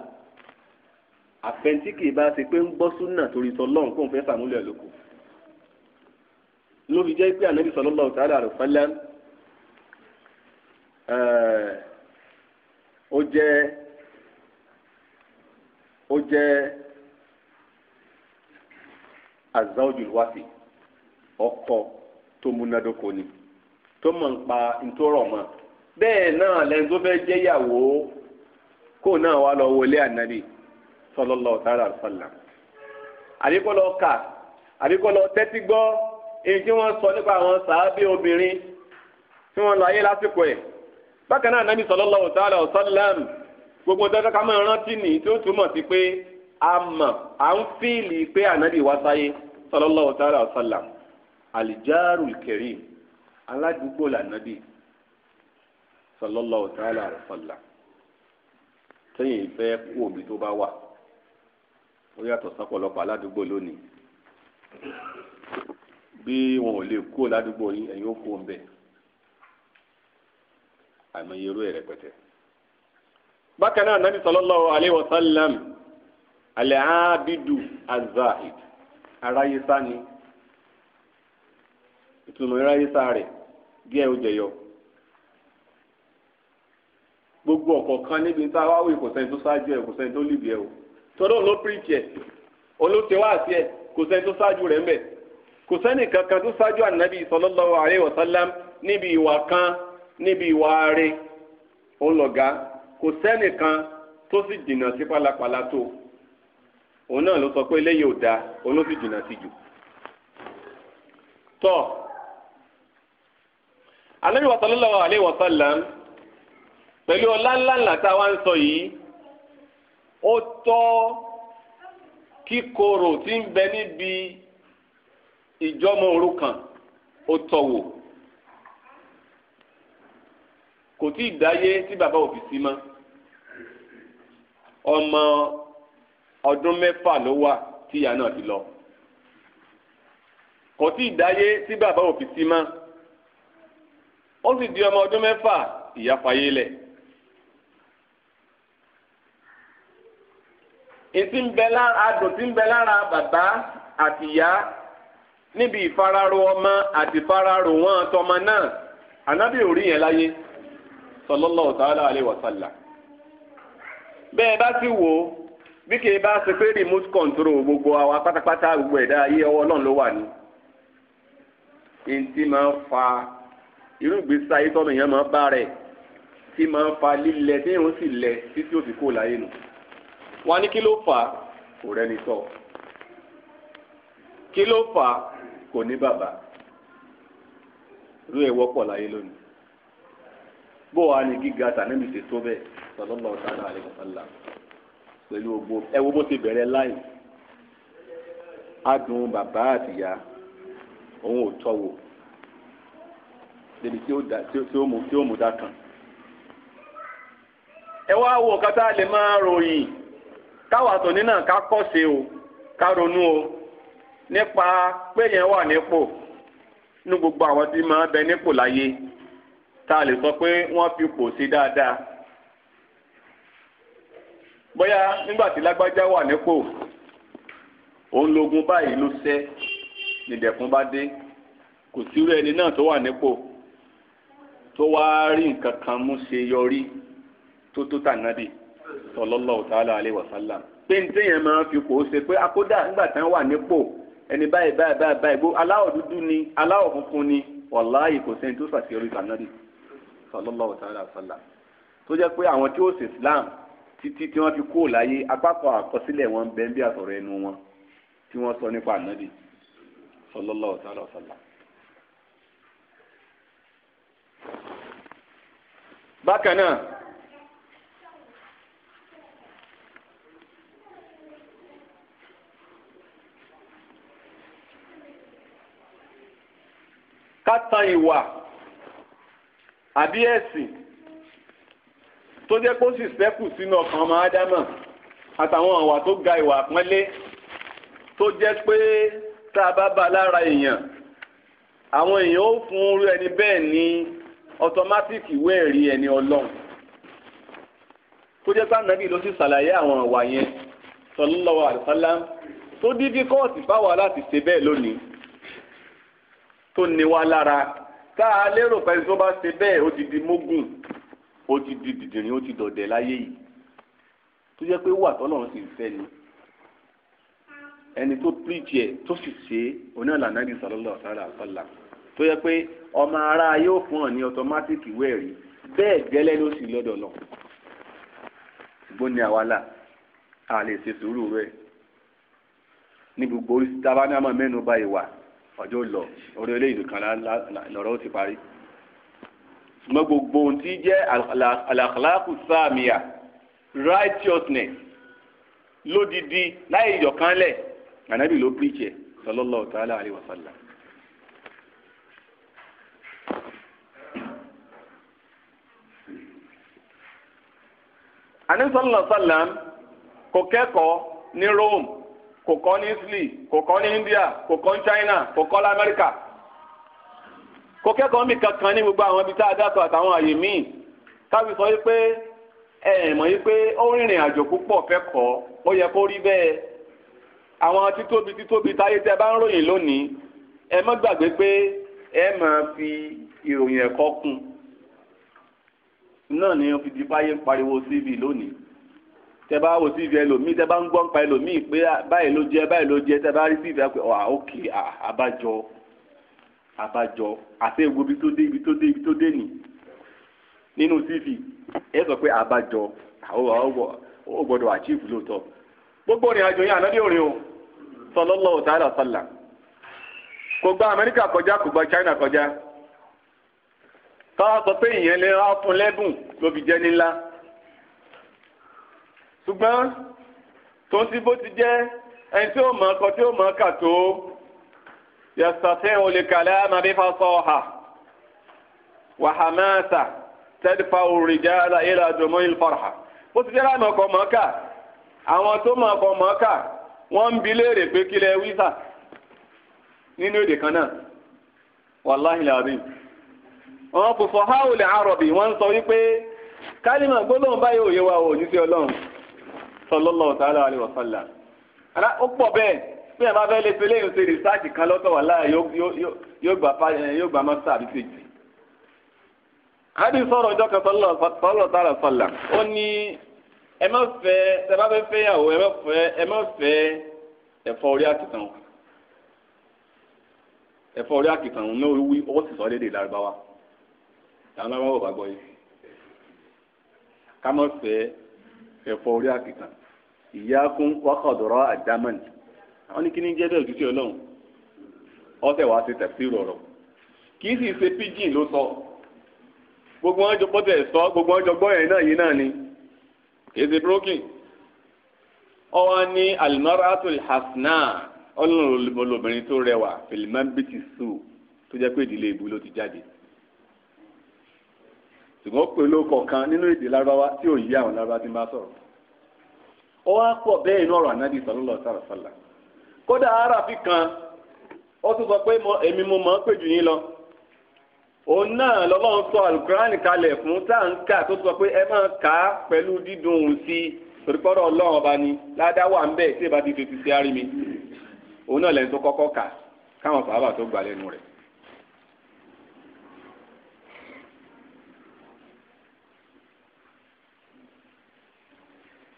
àfẹ́ntí kì í bá ṣe pé ń gbọ́ súnà torí tọ́lọ́hún kóun fẹ́ fàmúlẹ̀ lóko ló jẹ́ pé ànábì sallallahu ta'ala alaihi wasallam eh, ó jẹ́ ó jẹ́ azawjul wasi ọkọ tó múnádóko ni tó mọ̀ ń pa ntòrọ̀ mọ́ bẹ́ẹ̀ náà lẹ́yìn tó fẹ́ jẹ́ ìyàwó kó náà wá lọ wọlé ànábì sallallahu ta'ala alaihi wasallam àbíkọ́ èyí tí wọ́n sọ nípa àwọn sàábé obìnrin tí wọ́n lọ ayé lásìkò ẹ̀ bákan náà nàbì sallallahu ta'ala wa sallam gbogbo dandan ká máa rántí nì tí ó túmọ̀ sí pé a mọ̀ à ń fíìlì pé ànábì wá sáyé sallallahu ta'ala wa sallam àlìjáàrú karim aládùúgbò lànàbì sallallahu ta'ala wa sallam tẹ́yìn fẹ́ kú omi tó bá wà ó yàtọ̀ sọ́pọ̀lọpọ̀ aládùúgbò lónìí bí wọn ò lè kúrò ládùúgbò yín ẹ̀yin ó kúrò ń bẹ̀ àìmọye irú ẹ̀ rẹpẹtẹ. bákan náà nabi sallallahu alayhi wa sallam al-abidu az-zahid aráyésá ni ìtumọ̀ aráyésá rẹ̀ díẹ̀ ó jẹyọ gbogbo ọ̀kọ̀ọ̀kan níbi tá a wá wí kò sẹ́ni tó ṣáájú ẹ̀ kò sẹ́ni tó lìbì o tọ́dọ̀ ló pírìtì ẹ̀ olóòtú wá sí ẹ̀ kò sẹ́ni tó ṣáájú rẹ̀ ń bẹ̀ kò sẹ́ni kankan tó ṣáájú ànábì sallallahu alaihi wasallam níbi ìwà kan níbi ìwà rẹ̀ òun lọ̀gá kò sẹ́ni kan tó sì jìnnà sí pálapàla tó òun náà ló sọ pé eléyìí ò dáa òun ló sì jìnnà sí jù tọ́ ànábì sallallahu alaihi wasallam pẹ̀lú ọlá ńlá ńlá tá a wá ń sọ yìí ó tọ́ kíkorò tí ń bẹ níbi ìjọmọ òrukàn ó tọ̀wò kò tí ì dáyé tí bàbá òbí sí mọ́ ọmọ ọdún mẹ́fà ló wà tí ìyá náà ti lọ kò tí ì dáyé tí bàbá òbí sí mọ́ ó sì di ọmọ ọdún mẹ́fà ìyá fayé lẹ̀. èsì bẹ lára adùn tí ń bẹ lára bàbá àtìyá níbi ìfararò ọmọ àti ìfararò wọn tọmọ náà ànábì ò yẹn láyé sallallahu ta'ala alaihi wa sallam bẹ́ẹ̀ bá sì wò ó bí kì í bá ṣe pé remote control gbogbo àwa pátápátá gbogbo ẹ̀dá ayé ọwọ́ náà ló wà ní. Ntí máa ń fa irú ìgbésí ayé tọ́nu yẹn máa bá rẹ̀ tí máa ń fa lílẹ̀ tí yóò sì lẹ̀ títí òsì kò láyé nù. Wọ́n ní kí ló fà á? Kò rẹ́ni sọ. Kí ló fà á? kò ní bàbá rú ẹ̀ wọ́pọ̀ láyé lónìí bó wàá ní gíga tànẹ́bì ṣe tó bẹ́ẹ̀ sallallahu ta'ala alaihi wasallam pẹ̀lú ogbó ẹ wo bó ti bẹ̀rẹ̀ láì adùn bàbá àtìyá òun ò tọ́wò débi tí ó mú dá kan ẹ wá wo kátà lè máa ròyìn káwà tòní náà ká kọ́ ṣe o ká ronú o. nípa péyẹn wà nípò ní gbogbo àwọn tí máa bẹ nípò láyé tá a lè sọ pé wọ́n fi pò sí dáadáa bóyá nígbà tí lágbájá wà nípò òun lógun báyìí ló ṣẹ nìdẹ̀kùn bá dé kò sírú ẹni náà tó wà nípò tó wáá rí nǹkan kan mú ṣe yọrí tó tó tànàbì sallallahu ta'ala alaihi wasallam pé ní téèyàn máa fi pò ó ṣe pé akódà nígbà tí wọ́n wà nípò ẹni báyìí báyìí báyìí báyìí gbó aláwọ̀ dúdú ni aláwọ̀ funfun ni wàláyé kò sẹ́ni tó ṣàṣeyọrí ìbànújẹ́ sallallahu ta'ala sallam tó jẹ́ pé àwọn tí ó ṣe Islam títí tí wọ́n fi kó láyé apákọ̀ àkọsílẹ̀ wọn bẹ́ẹ̀ bí àsọ̀rọ̀ ẹnu wọn tí wọ́n sọ nípa ànábì sallallahu ta'ala sallam. bákan náà ká tan ìwà àbí ẹ̀sìn tó jẹ́ kó sì sẹ́kù sínú ọkàn ọmọ ádámà àtàwọn àwà tó ga ìwà pọ́nlé tó jẹ́ pé tá a bá bá lára èèyàn àwọn èèyàn ó fún irú ẹni bẹ́ẹ̀ ní ọtọmátìkì ìwé ẹ̀rí ẹni ọlọ́run tó jẹ́ pé ló sì ṣàlàyé àwọn àwà yẹn sallallahu alaihi wasallam tó dídí kọ́ọ̀tì báwa láti ṣe bẹ́ẹ̀ lónìí tó ní wá lára tá a lérò pé tó bá ṣe bẹ́ẹ̀ ó ti di mógùn ó ti di dìdìrín ó ti dọ̀dẹ̀ láyé yìí tó jẹ́ pé wà tọ́lọ́run sì fẹ́ ni ẹni tó píríjì ẹ̀ tó sì ṣe é onílànà nàbì sallallahu alaihi wasallam tó jẹ́ pé ọmọ ara yóò fún ọ ní ọtọmátìkì wẹ̀rí bẹ́ẹ̀ gẹ́lẹ́ ló sì lọ́dọ̀ lọ ṣùgbọ́n ní àwa a lè ṣe sùúrù rẹ̀ ní gbogbo orí tábánámọ̀ mẹ́nu bá ìwà ọjọ́ lọ orí eléyìí kan lọ́rọ́ ó ti parí. ṣùgbọ́n gbogbo ohun tí jẹ́ àlàkàlàkù sáàmìyà righteousness lódìdí láì yọ̀kánlẹ̀ ànábì ló píríkì ẹ̀ sallallahu ta'ala alaihi wasallam. àní sallallahu sallam kò kẹ́kọ̀ọ́ ní Rome. kò kọ́ ní Italy kò kọ́ ní India kò kọ́ ní China kò kọ́ ní Amẹ́ríkà kò kẹ́kọ̀ọ́ mi kankan ní gbogbo àwọn ibi tá a dàtọ̀ àtàwọn àyè míì káwí sọ pé ẹ mọ̀ pé ó rìnrìn àjò púpọ̀ kẹ́kọ̀ọ́ ó yẹ kó rí bẹ́ẹ̀ àwọn títóbi títóbi táyé tẹ́ bá ń ròyìn lónìí ẹ mọ́ gbàgbé pé ẹ máa fi ìròyìn ẹ̀kọ́ kún náà ni ó fi di báyé pariwo síbi lónìí tẹ bá wò sí ìfẹ́ ẹlòmíì tẹ bá ń gbọ́ ń pa pé báyìí ló jẹ báyìí ló jẹ tẹ bá rí sí òkè àti ewu tó dé ibi tó dé ibi tó dé nì nínú cv ẹ sọ pé àbájọ ó gbọ́dọ̀ gbogbo àjò òrìn o kọjá china kọjá káwá sọ pé ìyẹn lè lẹ́bùn ṣùgbọ́n tó ń bó ti jẹ́ ẹni tí ó mọ̀ ọkọ tí ó mọ̀ ọkà tó yasafin olùkàlẹ́ àmàbífà sọ̀ọ̀hà wàhámẹ́sà tẹ́lifà òrìjà ìlà àjọmọ́ ìlfọ̀rà bó ti jẹ́ láàmú ọkọ̀ mọ̀ọ́kà àwọn tó mọ̀ ọkọ̀ mọ̀ọ́kà wọ́n ń bi léèrè pé kílẹ̀ wíṣà nínú èdè kan náà wàláhìí làbí wọn kò fọ àrọ̀bì wọ́n sọ wípé báyìí òye wa ò ní sí ọlọ́run. sallallahu ta'ala alaihi wa sallam. àná ó pọ̀ bẹ́ẹ̀ bí ẹ̀ bá fẹ́ lè fi léyìn ṣe rìsáàjì kan lọ́tọ̀ wà láàyè yóò gbà eh, mọ́tà àbí kejì. àdì sọ̀rọ̀ ọjọ́ kan sallallahu ta'ala sallam ó ní ẹ má fẹ́ ẹ bá fẹ́ fẹ́ yàwó ẹ má fẹ́ ẹ̀fọ́ orí àkìtàn ẹ̀fọ́ orí àkìtàn náà wí ó sì sọ lédè lárúbáwá àwọn ká má fẹ́ ẹ̀fọ́ orí àkìtàn ìyákún wákàdọ̀rọ̀ àdámàn àwọn ní kí ní jẹ́ bẹ́ẹ̀ ojúṣe ọlọ́run ọ̀sẹ̀ wàá ṣe tẹ̀sí rọ̀rọ̀ kì í sì ṣe pidgin ló sọ gbogbo wọn jọ pọ́tẹ̀ sọ gbogbo wọn jọ gbọ́yẹ̀ náà yìí náà ni kì í ṣe broken ọwọ́ ní alimaratul hasna ọlọ́run tó rẹwà filimambiti su tó jẹ́ pé ìdílé ìbú ló ti jáde ṣùgbọ́n pẹ̀lú kọ̀ọ̀kan nínú èdè lárúbáwá tí ò yí àwọn lárúbáwá ti máa sọ̀rọ̀ ó wá pọ̀ bẹ́ẹ̀ inú ọ̀rọ̀ ànábì sallallahu alaihi wasallam kódà aráàfin kan ó tún sọ pé èmi mo mọ̀ ń pè jù yín lọ òun náà lọ́lọ́run sọ alukurani kalẹ̀ fún táǹkà tó sọ pé ẹ máa kà á pẹ̀lú dídùn òun sí torípọ́rọ̀ ọlọ́run ọba ni ládàá ń bẹ̀ tí ìbá ti fi ti sí arí òun náà lẹ́yìn tó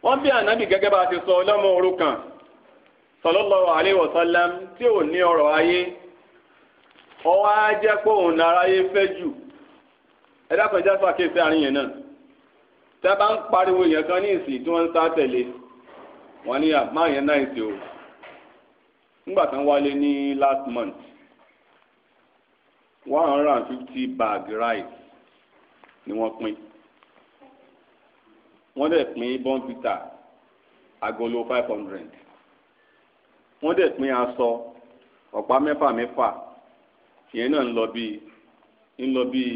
wọ́n bí ànábì gẹ́gẹ́ bá ti sọ ọlọ́mọ òrukàn sallallahu alaihi wasallam tí ò ní ọ̀rọ̀ ayé ọwọ́ á jẹ́ pé òun lára ayé fẹ́ jù ẹ dákun já sàkéèsì àárín yẹn náà tẹ́ bá ń pariwo yẹn kan ní ìsìn tí wọ́n ń sá tẹ̀lé wọ́n ní àmá yẹn náà ìsìn o nígbà tán wálé ní last month one hundred and fifty bag rice ni wọ́n pín. wọ́n dẹ̀ pín bọ́ǹpítà agolo five hundred wọ́n dẹ̀ pín aṣọ ọ̀pá mẹ́fà mẹ́fà ìyẹn náà ń lọ bíi ń lọ bíi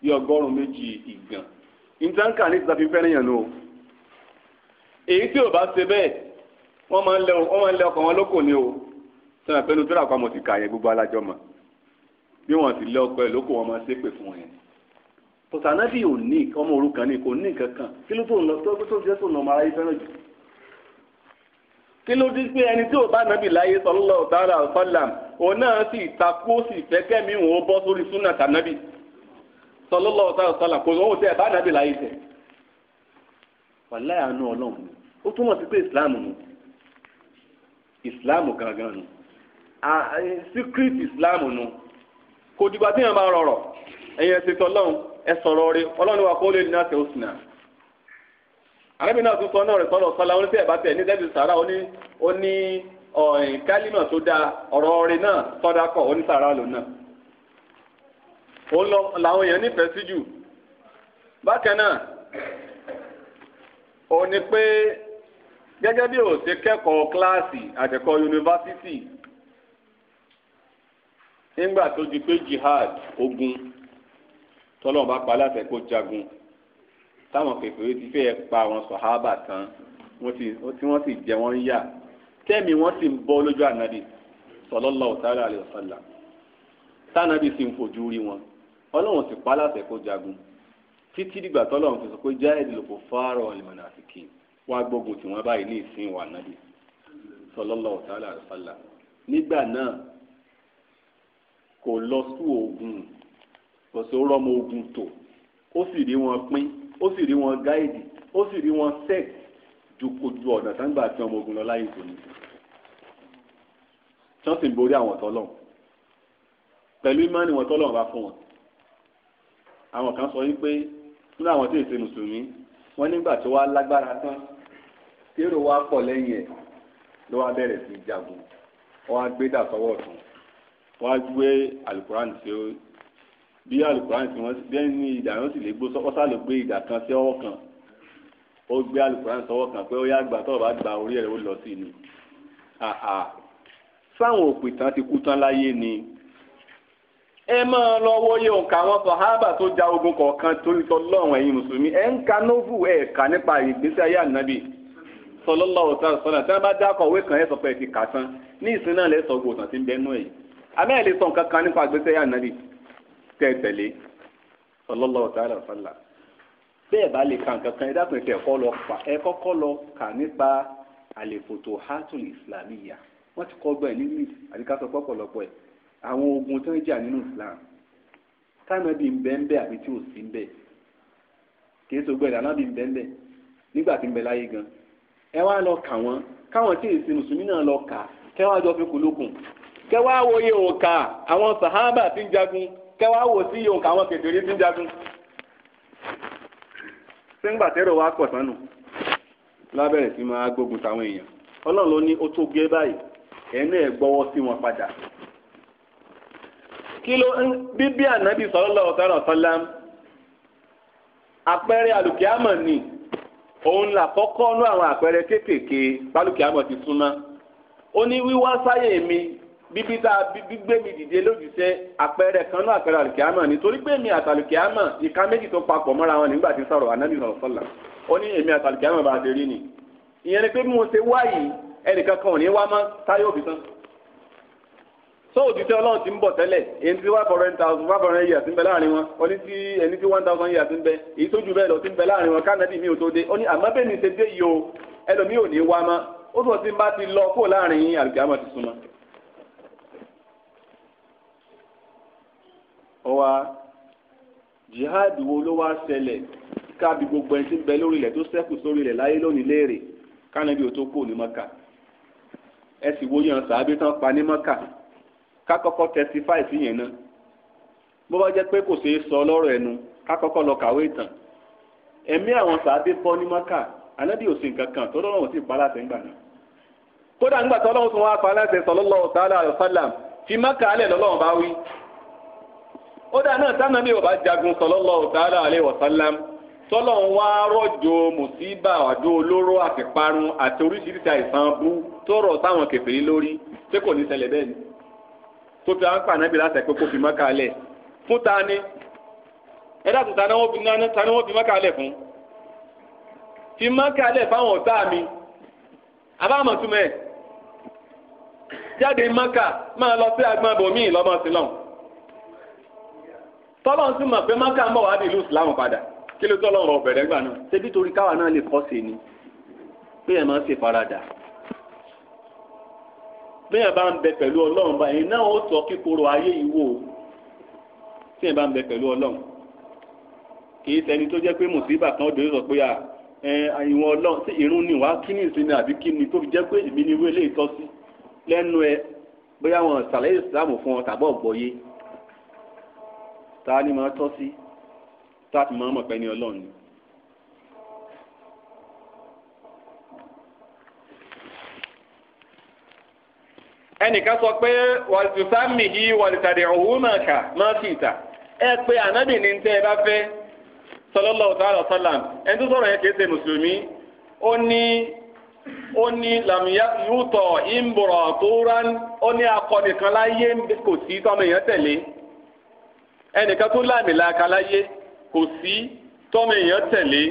bí ọgọ́rùn-ún méjì ìgàn ìtànkà ní ti ta fẹ́ràn yàn o èyí tí ò bá ṣe bẹ́ẹ̀ wọ́n máa ń lẹ wọ́n máa ń lẹ ọkàn wọn lóko ni o sọ̀rọ̀ pẹ̀lú tó rà pa mo ti kà yẹn gbogbo alájọ mọ̀ bí wọ́n ti lé ọkọ ẹ̀ lóko wọn máa ṣépè fún yẹn pọ̀tà anábì ò ní ọmọ òrukàn ni kò ní nǹkan kan kí ló tó ń lọ tó tó jẹ́ tó nà ọmọ aráyé fẹ́ràn jù kí ló dé pé ẹni tí ò bá nàbì láyé sallallahu ta'ala sallam òun náà sì takú ó sì fẹ́ kẹ́mi òun ó bọ́ sórí súnà tànàbì sallallahu ta'ala sallam kò òun ò tẹ́ ẹ̀ bá nàbì láyé tẹ̀ wàláyà àánú ọlọ́run ni ó túmọ̀ sí pé ìsìláàmù nù ìsìláàmù gangan nù secret ìsìláàmù nù kò dìgbà tí yẹn bá rọrọ̀ ẹ̀yẹn ṣètò ọlọ́run ẹ sọ̀rọ̀ rí ọlọ́run wa kó lè ní àtẹ oṣù náà náà tún sọ náà rẹ̀ sọ́dọ̀ sọ́la oníṣẹ́ ìbátẹ̀ ní sẹ́ẹ̀dì sàrà oní oní ọ̀hìn kálímà tó dáa ọ̀rọ̀ náà lọ làwọn èèyàn nífẹ̀ẹ́ sí jù bákan náà ní pé gẹ́gẹ́ bí ṣe kẹ́kọ̀ọ́ kíláàsì jihad ogun tọ́lọ́run bá pa aláṣẹ kó jagun táwọn kèfèrí ti fẹ́ pa àwọn sọ̀hábà tán tí wọ́n sì jẹ wọ́n yà tẹ́mi wọ́n sì ń bọ́ lójú ànábì sallallahu ta'ala alaihi wasallam tánàbì sì ń fojú rí wọn ọlọ́run sì pa aláṣẹ kó jagun títí dìgbà tọ́lọ́run fi sọ pé jáde lòpò fáárọ̀ ọ̀lẹ́mọ̀nà àtìkì wọ́n á gbógun tí wọ́n báyìí ní ìsìn wà nábì sallallahu ta'ala alaihi wasallam nígbà náà kò lọ sí oògùn kò sí rọmọ ogun tò ó sì rí wọn pín ó sì rí wọn gáìdì ó sì rí wọn sẹ́ẹ̀t ju kojú ọ̀nà tá ń gbà tí ọmọ ogun lọ láyé tòní tí wọ́n sì ń borí àwọn tọ́lọ̀ pẹ̀lú ìmánì wọn tọ́lọ̀ bá fún wọn àwọn kan sọ wípé nínú àwọn tí èsè mùsùlùmí wọ́n nígbà tó wá lágbára tán kérò wá pọ̀ lẹ́yìn ẹ̀ ló wá bẹ̀rẹ̀ sí jagun wọ́n gbé dà sọ́wọ́ ọ̀tún wọ́n á gbé alukuran bí alukuran tí wọ́n bẹ́ẹ̀ ni ìdá yóò sì lè gbó sọ́kọ́sá lè gbé ìdá kan sí ọwọ́ kan ó gbé alukuran sọ́wọ́ kan pé ó yá gbà tọ́ọ̀ bá gba orí ẹ̀ ó lọ sí ni àà sáwọn òpìtàn ti kú tán láyé ni ẹ máa lọ wọlé òǹkà àwọn sọ̀hábà tó ja ogun kọ̀ọ̀kan torí tọ́lọ́run ẹ̀yin mùsùlùmí ẹ̀ ń ka nóvù ẹ̀ kà nípa ìgbésí ayé ànábì sallallahu ta'ala sọ́nà tí wọ́n bá dákọ̀ òwe kan ẹ̀ sọ pé ẹ̀ ti kà tán ní ìsìn náà lẹ́sọ̀ ogun òtàn ti ń bẹ́ẹ̀ nú ẹ̀ àmẹ́ ẹ̀ lè sọ nǹkan kan nípa ìgbésí ayé ànábì tẹ́ ẹ tẹ̀lé sallallahu ta'ala bẹ́ẹ̀ bá lè ka nkankan ẹ lọ ẹ kọ́kọ́ lọ kà nípa al islamiyya wọ́n ti kọ́ gbọ́ ẹ̀ ní àti ká sọ pọ́pọ̀lọpọ̀ ẹ̀ àwọn ogun tó jà nínú islam táwọn àbí tí ò sí ń kì í gan ẹ wá lọ kà wọ́n káwọn tí èsì mùsùlùmí náà lọ kà jọ fi wòye kẹwàá wò sí òǹkà àwọn kedere tí ń jagun sẹ́ńgbà tẹ́rọ wa pọ̀ sánù lábẹ́rẹ̀ sí máa gbógun táwọn èèyàn ọlọ́run ló ní ó tó gé báyìí ẹ̀ẹ́nà ẹ̀ gbọ́wọ́ sí wọn padà kí ló ń bíbí ànábì sallallahu alaihi wasallam àpẹẹrẹ ni òun là kọ́kọ́ nú àwọn àpẹẹrẹ kéékèèké pálùkìámọ̀ ti súnmọ́ ó ní wíwá sáyè mi bíbí tá a bíbí gbé mi dìde lójúṣe àpẹẹrẹ kan náà àpẹẹrẹ àlùkìámà nítorí pé mi àtàlùkìámà ìka méjì tó papọ̀ mọ́ra wọn nígbà tí sọ̀rọ̀ anábì sọ̀rọ̀ sọ̀là ó ní èmi àtàlùkìámà bá a ṣe rí ni ìyẹn ni pé bí mo ṣe wá yìí ẹnìkan kan ò ní wá mọ́ táyé òbí tán sọ òjútẹ́ ọlọ́run ti ń bọ̀ tẹ́lẹ̀ èyí tí five hundred thousand five hundred years ń bẹ láàrin wọn ó ní tí ẹni tí one thousand years ń bẹ èyí tó ju bẹ́ẹ̀ lọ ti ń bẹ láàrin wọn kánẹ́bì mi ò tó dé ó ní àmọ́ bẹ́ẹ̀ ni ṣe dé yìí o ẹlòmíì ò ní wá mọ́ ó sọ sí bá ti lọ kó láàrin yín àlùkìámà ti súnmọ́. ọwa jihad wo ló wá ṣẹlẹ̀ kábi gbogbo ẹni tí ń bẹ lórí ilẹ̀ tó ṣẹ́kù sórí ilẹ̀ láyé lónìí léèrè kánàbí ò tó kú ní mọ́kà ẹ sì wo yan sàábí tán pa ní mọ́kà kákọ́kọ́ testify sí yẹn náà bó bá jẹ́ pé kò ṣeé sọ lọ́rọ̀ ẹnu kákọ́kọ́ lọ kàwé ìtàn ẹ̀mí àwọn sàábí bọ́ ní mọ́kà ànábì ò sì nǹkan kan tó lọ́rọ̀ wọn sì pa láti ń gbà náà kódà ńgbà tó lọ́wọ́ tó wọn á pa láti sallallahu ta'ala alaihi wasallam fi mọ́kà alẹ́ lọ́lọ́wọ́n bá wí kódà náà sáà nàbí ọba jagun sallallahu ta'ala alaihi wasallam tọ́lọ̀ ń wá rọ̀jò mùsíbà àdó olóró àti parun àti oríṣiríṣi àìsàn bú tọrọ táwọn kèfèrí lórí pé kò ní ṣẹlẹ̀ bẹ́ẹ̀ ni tó fi àwọn pàànàbí láti ẹ̀pẹ́ kó fi Mákà lẹ̀ fún ta ni ẹ̀dá tó ta ni wọ́n fi Mákà lẹ̀ fún fi Mákà lẹ̀ fáwọn ọ̀tá mi abáàmọ̀túmẹ̀ jáde Mákà máa lọ sí agbábọ̀ míì lọ́mọ tọ́lọ́n sì mọ̀ pé mọ́kà ń bọ̀ wá dìlú ìsìláàmù padà kí ló tọ́lọ́n rọ̀ bẹ̀rẹ̀ gbà náà ṣebí torí káwa náà lè kọ́ sí ni pé ẹ̀ máa ń ṣe faradà bí ẹ̀ bá ń bẹ pẹ̀lú ọlọ́run báyìí náà ó sọ kíkorò ayé yìí wò ó tí ẹ̀ bá ń bẹ pẹ̀lú ọlọ́run kì í ṣẹni tó jẹ́ pé mùsíbà kan òdòdó sọ pé à ìwọ̀n ọlọ́run sí irun ni wàá kí ni ìsinmi àbí kí ni tó fi jẹ́ pé èmi lè tọ́ sí lẹ́nu ẹ bóyá wọn ṣàlàyé ìsìláàmù fún ọ tàbí ọ̀gbọ́yé ta ni máa tọ́ sí tá a ti máa mọ̀ pé ní ọlọ́run ni. ẹnìkan sọ pé wàlùtùsámìhì wàlùtàdé ọ̀húnàkà máa fi ìta ẹ pé ànábì ní tẹ́ ẹ bá fẹ́ sallallahu ta'ala sallam ẹni tó sọ̀rọ̀ yẹn kì ṣe mùsùlùmí ó ní ó ní làmìyá yúùtọ̀ ìmbùrọ̀ tó ó ní akọni kan láyé kò sí tọ́mọ èèyàn tẹ̀lé ẹnìkan tó láàmì làkàláyé kò sí tọ́mọ èèyàn tẹ̀lé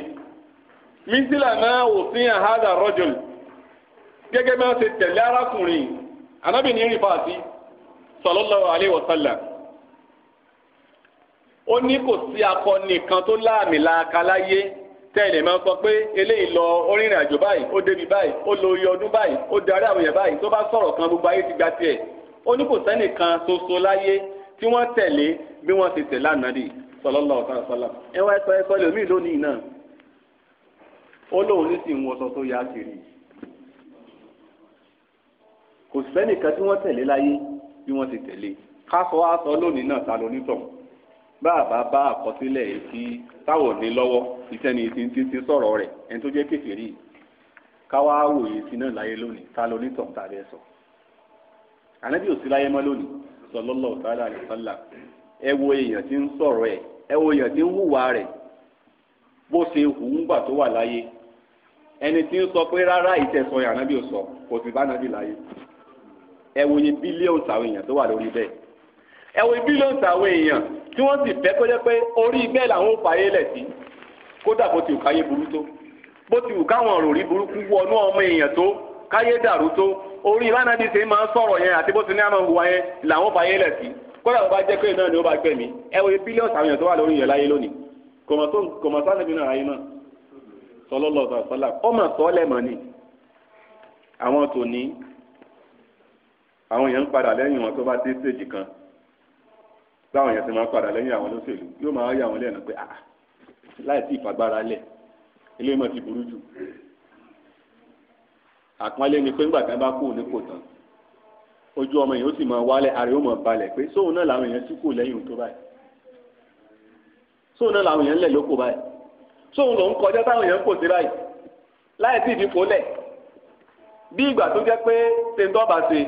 mísílà náà ò sí àhádà rọ́jòl gẹ́gẹ́ bí wọ́n ṣe tẹ̀lé arákùnrin anábìnrin rìn fàásì sallallahu alaihi wasallam ó ní kò sí akọni kan tó láàmì làkàláyé tẹ́lẹ̀ máa sọ pé eléyìí lọ orìnrìn àjò báyìí ó débi báyìí ó lo iye ọdún báyìí ó darí àwọn èèyàn báyìí tó bá sọ̀rọ̀ kan gbogbo ayé ti gba tiẹ̀ ó ní kò sẹ́nìkan ṣoṣo láyé tí wọ́n tẹ̀lé bí wọ́n ti tẹ̀lé ànádì sallallahu alaihi wasallam ẹ wá ẹsọ ẹsọ lè míì lónìí náà ó lóun ní sì ń wọṣọ tó yá kiri kò sẹ́nìkan tí wọ́n tẹ̀lé láyé bí wọ́n ti tẹ̀lé kásọ àsọ lónìí náà ta ló nítọ̀ báàbá bá àkọsílẹ̀ èsì táwọn ní lọ́wọ́ ìtẹ́ni ti ti sọ̀rọ̀ rẹ̀ ẹni tó jẹ́ kékeré káwá wòye sí náà láyé lónìí ta nítọ̀ tàbí ẹ̀sọ̀ ànábì ò sí láyé mọ́ lónìí sallallahu ta'ala alaihi wasallam ẹ wo èèyàn tí ń sọ̀rọ̀ ẹ̀ ẹ wo èèyàn tí ń hùwà rẹ̀ bó ṣe hù ń gbà tó wà láyé ẹni tí ń sọ pé rárá ìtẹ̀sọ̀ yàrá bí o sọ kò sì bá nàbí láyé ẹ wo iye bílíọ̀nù àwọn èèyàn tó wà lórí bẹ́ẹ̀ ẹ wo bílíọ̀nù àwọn èèyàn tí wọ́n sì fẹ́ kó jẹ́ pé orí bẹ́ẹ̀ làwọn ò fàyè lẹ̀ sí kódà bó ti wù káyé burú tó bó ti wù káwọn ọ̀rọ̀ rí burúkú wọnú ọmọ èèyàn tó káyé dàrú tó orí ìbánadí ṣe máa ń sọ̀rọ̀ yẹn àti bó ti ní àmọ́ ìwà yẹn làwọn fàyè lẹ̀ sí kódà bó bá jẹ́ pé náà ni ó bá gbẹ̀mí ẹ wo bílíọ̀nù àwọn èèyàn tó wà lórí yẹn láyé lónìí kòmọ̀tò ànábì náà ayé náà sọlọ́lọ́ sọ̀sọ́là ọmọ sọ́ọ́lẹ̀ mọ̀ ni àwọn tòní àwọn èèyàn ń padà lẹ́yìn wọn tó bá dé stage kan báwọn èèyàn ti máa padà lẹ́yìn àwọn olóṣèlú yóò máa yà wọ́n lẹ́nu pé ah, ah láì sí ìfagbára lẹ̀ eléyìí mọ̀ ti burú jù àpọ́nlé ni pé ńgbà tí wọ́n bá kú ní kò tán ojú ọmọ yẹn ó sì máa wálẹ̀ ara yóò máa balẹ̀ pé sóun náà làwọn èèyàn ti kù lẹ́yìn tó báyìí sóun náà làwọn èèyàn lẹ̀ lóko báyìí sóun lòún kọjá táwọn èèyàn kò sí báyìí láì sí ìdí fòlẹ̀ bí ìgbà tó jẹ́ pé tẹ̀ńtọ́ba ṣe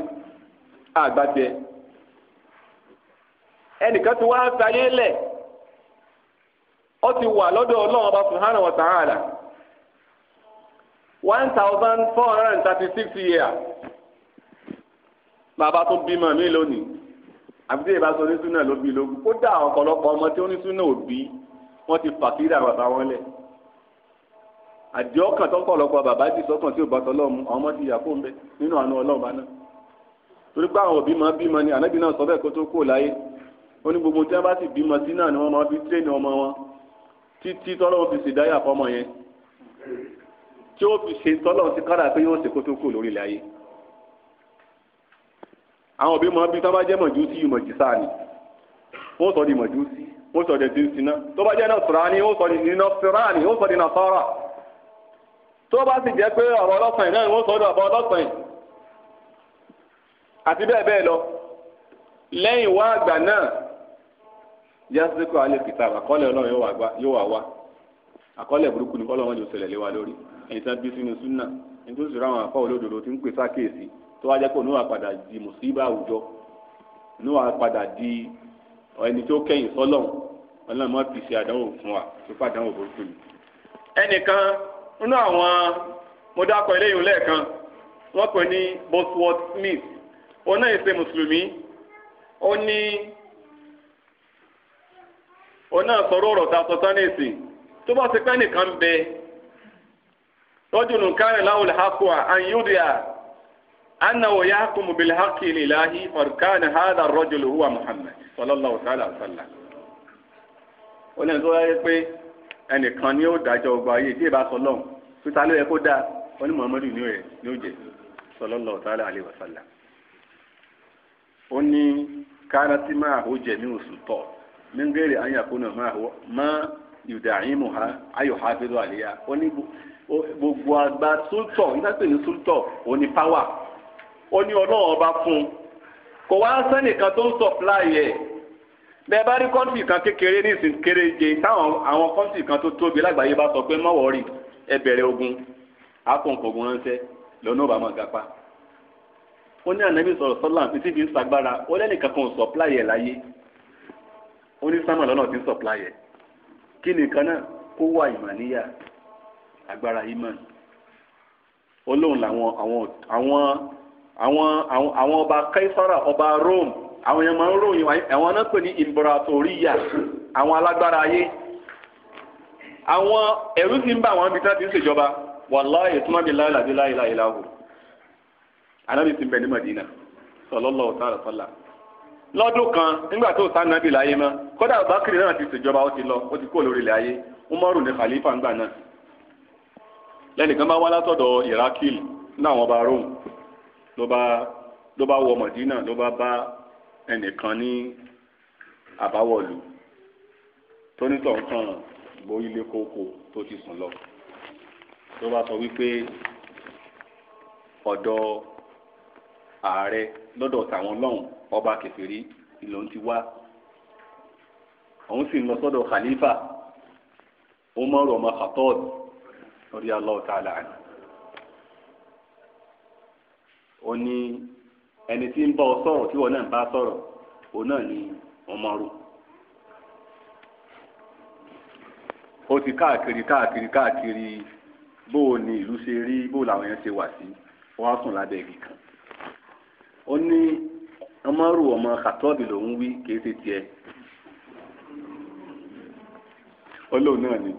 àgbàjẹ ẹnìkan ti wá sáyé lẹ̀ ó ti wà lọ́dọ̀ ọlọ́run ọba subhanahu wa ta'ala one thousand four hundred and thirty six years. bàbá tó bímọ mi lónìí àbídé ìbáṣọ onísúná ló bí lógún kódà ọ̀pọ̀lọpọ̀ ọmọ tí onísúná ò bí wọ́n ti fàkírà bàbá wọn lẹ̀ àdìẹ ọkàn tó pọ̀lọpọ̀ bàbá ti sọ́kàn tí ò bá tọ́lọ́mù àwọn ọmọ ti yà fún bẹ nínú àánú ọlọ́run bá náà torí pé àwọn òbí máa bímọ ni ànábì náà sọ bẹ́ẹ̀ kó tó kó láyé ó ní gbogbo tí wọ́n bá sì bímọ sí náà ni wọ́n máa fi tréènì ọmọ wọn títí tọ́lọ́run fi ṣèdáyà fọmọ yẹn tí ó fi ṣe tọ́lọ́run ti kára pé yóò ṣe kó tó kó lórí ayé àwọn òbí máa bí tó bá jẹ́ mọ̀júsí mọ̀jísà ni wọ́n sọ di mọ̀júsí wọ́n sọ di tìǹsìnà tó bá jẹ́ nọ̀sùránì wọ́n sọ di nọ̀sùránì wọ́n sọ di nàsárà tó bá sì jẹ́ pé ọ̀rọ̀ ọlọ́sàn náà wọ́n sọ di ọ̀bọ ọlọ́sàn àti bẹ́ẹ̀ bẹ́ẹ̀ lọ lẹ́yìn wá àgbà náà yásíkò alẹ́ kìtà àkọọ́lẹ̀ ọlọ́run yóò wá wá àkọọ́lẹ̀ burúkú ni kọ́lọ́run yóò ṣẹlẹ̀ lé wa lórí ẹ̀yìn tí wọ́n bí sínú súnà ẹ̀yìn tó sì ráwọn àpá olódodo ti ń pè sákèésí tó wájẹ́ pé oníwà padà di mùsíbà àwùjọ oníwà padà di ẹni tó kẹyìn sọ́lọ̀ ọlọ́run mọ́ fi ṣe àdánwò fún wa tó fàdánwò burúkú yìí. ẹnìkan nínú àwọn mo eléyìí lẹ́ẹ̀kan wọ́n pè ní Bosworth Smith mùsùlùmí ó ní ta sọ tó bá ti pẹ́ nìkan bẹ أنه يحكم بالحق الإلهي فكان هذا الرجل هو محمد صلى الله تعالى وسلم ó lẹ́nu tó wáyé pé ẹnìkan ni ó dájọ́ ọgbà ayé tí ìbá sọ lọ́hùn títa ló yẹ kó dáa ó ní Muhammadu ni ó jẹ sallallahu ta'ala alaihi wa sallam. ó ní kárátì máa hó jẹ ní oṣù tọ̀ nígbèrè ayàkúnà máa hó má ìdààmú ha ayò ha fi lọ àlẹyà ó ní gbogbo àgbà sótọ̀ nígbà pé ní sótọ̀ ó ní páwà ó ní ọlọ́run ọba fún un kò wá sẹ́nìkan tó ń sọ̀pláì ẹ̀ bẹ́ẹ̀ bá rí kọ́ńtì kan kékeré ní ìsìn kéréje táwọn àwọn kọ́ńtì kan tó tóbi lágbàáyé bá sọ pé mọ́wọ́ rí ẹ bẹ̀rẹ̀ ogun àpòǹkògùn ránṣẹ́ lọ́nà ọba máa gapá ó ní ànábì sọ̀rọ̀ sọ́lá títí fi ń sagbára ó lẹ́nìkan kan ò sọ̀pláì ẹ̀ láyé ó ní sámà lọ́nà tí ń sọ̀pláì ẹ̀ kí nìkan náà kó wà ìmàníyà agbára ìmàn olóhùn làwọn àwọn àwọn àwọn àwọn àwọn ọba kaisara ọba Rome àwọn yẹn máa ń ròyìn àwọn náà pè ní imbratoria àwọn alágbára ayé àwọn ẹ̀rú ti ń bá àwọn abitá ti ń ṣèjọba wàláyé tí wọn bí láyé làbí láyé láyé láwò anábì ti ń bẹ ní Madina sọlọlọ ọtara sọlá lọ́dún kan nígbà tó sá nàbì láyé mọ́ kódà bákìrì náà ti ṣèjọba ó ti lọ ó ti kó lórí ilẹ̀ ayé Umaru ní khalifa ńgbà náà lẹ́nìkan bá wá látọ̀dọ̀ Irakil náà wọn bá Rome ló bá ló bá wọ mọ̀dínà ló bá bá ẹnìkan ní àbáwọ̀lù tónítọ̀ kan gbó ilé kókó tó ti sùn lọ ló bá sọ wípé ọ̀dọ̀ ààrẹ lọ́dọ̀ tàwọn lọ́hùn ọba kẹfìrí ìlò ń ti wá òun sì ń lọ sọ́dọ̀ khalifa Umar ọmọ Khattab lórí Allah ta'ala àná ó ní ẹni tí ń bá ọ sọ̀rọ̀ tí wọn náà ń bá sọ̀rọ̀ òun náà ni Umaru ó ti káàkiri káàkiri káàkiri bó o ní ìlú ṣe rí bó làwọn yẹn ṣe wà sí wọn á sùn lábẹ́ igi kan ó ní Umaru ọmọ Khatọ́ọ̀bì lòún wí kìí ṣe tiẹ̀ olóòun náà ni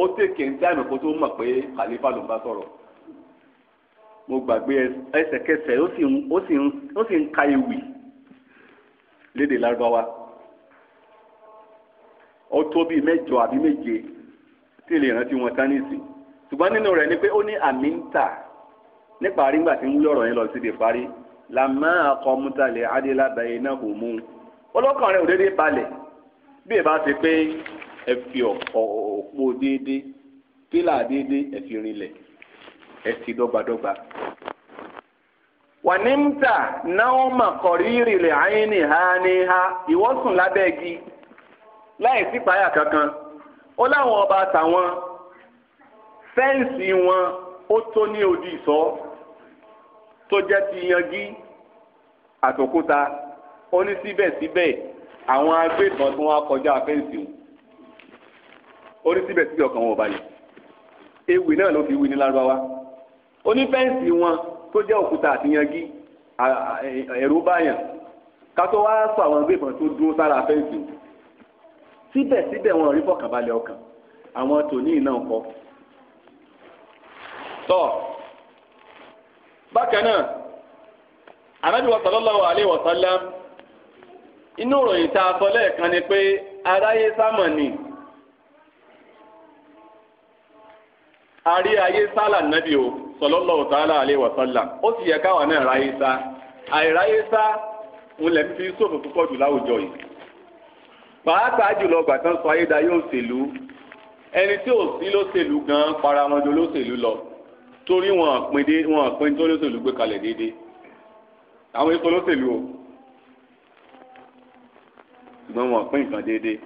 ó tètè ń dáìmọ̀ kó tó mọ̀ pé Khalifa ló ń bá sọ̀rọ̀ mo gbàgbé ẹsẹ̀kẹsẹ̀ ó sì ń ka ewì lédè lárúbáwá ó tó bíi mẹ́jọ àbí méje tí lè rántí wọn tán nísìn ṣùgbọ́n nínú rẹ̀ ni pé ó ní àmì ń tà nípa rígbà tí ń wí ọ̀rọ̀ yẹn lọ sí de parí làmá àkọmútalẹ̀ adélábàáyé náà kò mú un ọlọ́kàn rẹ̀ ò déédéé balẹ̀ bí ẹ bá ṣe pé ẹ fi ọ̀pọ̀ òpó déédéé pílà déédéé ẹ fi rinlẹ̀ ẹ ti dọ́gbadọ́gba. wànímtà náà mà kọ̀rírì rẹ̀ ní ha ní ha ìwọ́sùn lábẹ́ láì sí kankan ó láwọn ọba tawọn fẹ́ǹsì wọn ó tó ní odi ìsọ́ tó jẹ́ ti yangi àtòkúta ó ní síbẹ̀síbẹ̀ àwọn agbébọn tí wọ́n kọjá fẹ́ǹsì wọn ó ní síbẹ̀síbẹ̀ ọkàn wọn ò balẹ̀ ewì náà ló fi wí ní lárúbáwá. onífẹ́ǹsì wọn tó jẹ́ òkúta àtìyangí e, ẹ̀rú báyàn kátó wá sọ àwọn ẹgbẹ́ tó dúró sára fẹ́ǹsì síbẹ̀síbẹ̀ wọn rí fọkànbalẹ̀ ọkàn àwọn tòní náà kọ. tọ́ bákan náà Ànábì sallallahu alaihi wasallam inú ìròyìn tá a sọ lẹ́ẹ̀kan ni pé aráyé sámọ̀ ni. àrí ayé sálà nàbì o sallallahu ta'ala alaihi wa sallam O sì yẹ káwa náà ráyé sá àìráyé sá ń lẹ̀ ń fi sófò púpọ̀ jù láwùjọ yìí pàápàá jùlọ gbàtàn sọ ayédáyé òṣèlú ẹni tí ò sí lóṣèlú gan para wọn jọ lóṣèlú lọ torí wọn pin dé wọn pin tó lóṣèlú gbé kalẹ̀ déédéé àwọn èso lóṣèlú o ṣùgbọ́n wọn pin nǹkan déédéé.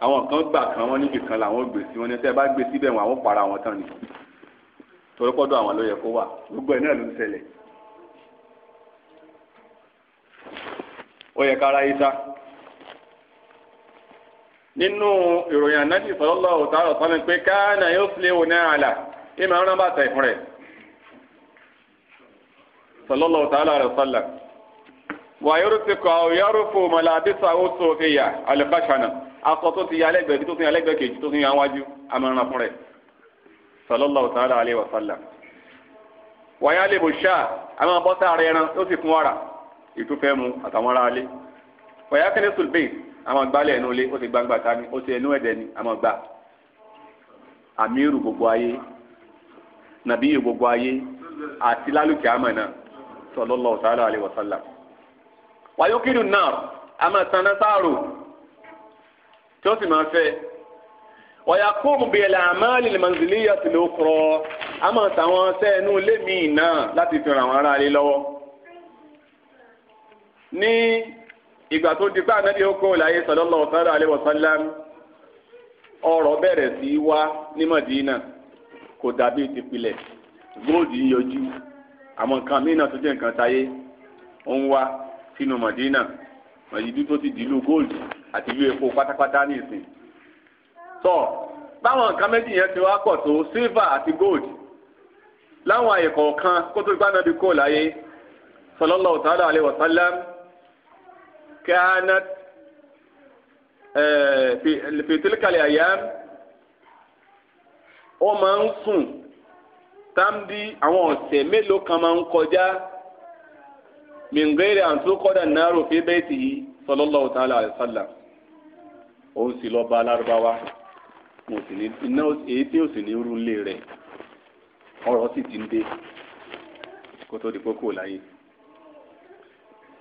àwọn kan gbà kan wọn níbi kan làwọn sí wọn ní bá wọn àwọn para wọn tán ni torí àwọn ló yẹ kó wà gbogbo ẹ̀ náà ló ń ṣẹlẹ̀ ó yẹ kára yìí sá nínú ìròyìn ànábì sọlọ́lọ́ òtárọ̀ sọ́mi pé káànà yóò fi léwu náà àlà ìmọ̀ ọ̀rán bàtà ìfún rẹ̀ sọlọ́lọ́ rẹ̀ ti kọ́ mọ̀lá àdìsá ó tó fi yà akọ tó ti alẹ́gbẹ̀ẹ́ bí tó ti alẹ́gbẹ̀ẹ́ kejì tó ti yan wájú amọ̀ràn fún rẹ̀ sallallahu ta'ala alayhi wa sallam. wàyà lè bò ṣáà àwọn abọ́tà rẹ̀ ẹran ó sì fún wàrà ìtúfẹ́ mu àtàwọn ará alẹ́. wàyà kẹ́lẹ́ sùlbẹ́ àwọn gbálẹ̀ ẹnu ilé ó ti gbangba tani ó ti ẹnu ẹ̀dẹ̀ ni àwọn gbà. amíru gbogbo ayé nàbíyù gbogbo ayé àti lálùkì àmọ̀ náà sallallahu ta'ala alayhi wa sallam. wàyókìrù náà àmọ̀ sanná tí máa fẹ́ ọ̀yà kóòmù bíi àmàlì a máa tàwọn sẹ́ẹ̀nù lémìí náà láti fi ràn wọ́n ara rẹ lọ́wọ́ ní ìgbà tó di pé ànábì okò láyé sọlọ́lọ́ ọ̀sán alẹ́ ọ̀rọ̀ bẹ̀rẹ̀ sí wá ní Mọ̀dínà kò dàbí tìpilẹ̀ góòdì yọjú àwọn nǹkan mìíràn tó jẹ́ nǹkan táyé ó ń wá sínú Mọ̀dínà mọ̀dínà tó ti dìlú góòdì àti ilé epo pátápátá ní ìsìn tọ báwọn nǹkan méjì yẹn ti wá pọ̀ tó sílvà gold láwọn àyè kan kó tó gbá nàbí kó láyé sallallahu ta'ala alayhi wa sallam kanat eh, fi tilka al-ayyam ó máa ń sùn táǹdì àwọn ọ̀sẹ̀ mélòó kan máa ń kọjá min ghairi an tuqada sallallahu ta'ala alayhi òun sì lọ bá alárúbáwá iná èyí tí ó sì ní irú ilé rẹ̀ ọ̀rọ̀ sì ti ń dé kó tó di kókó láyé.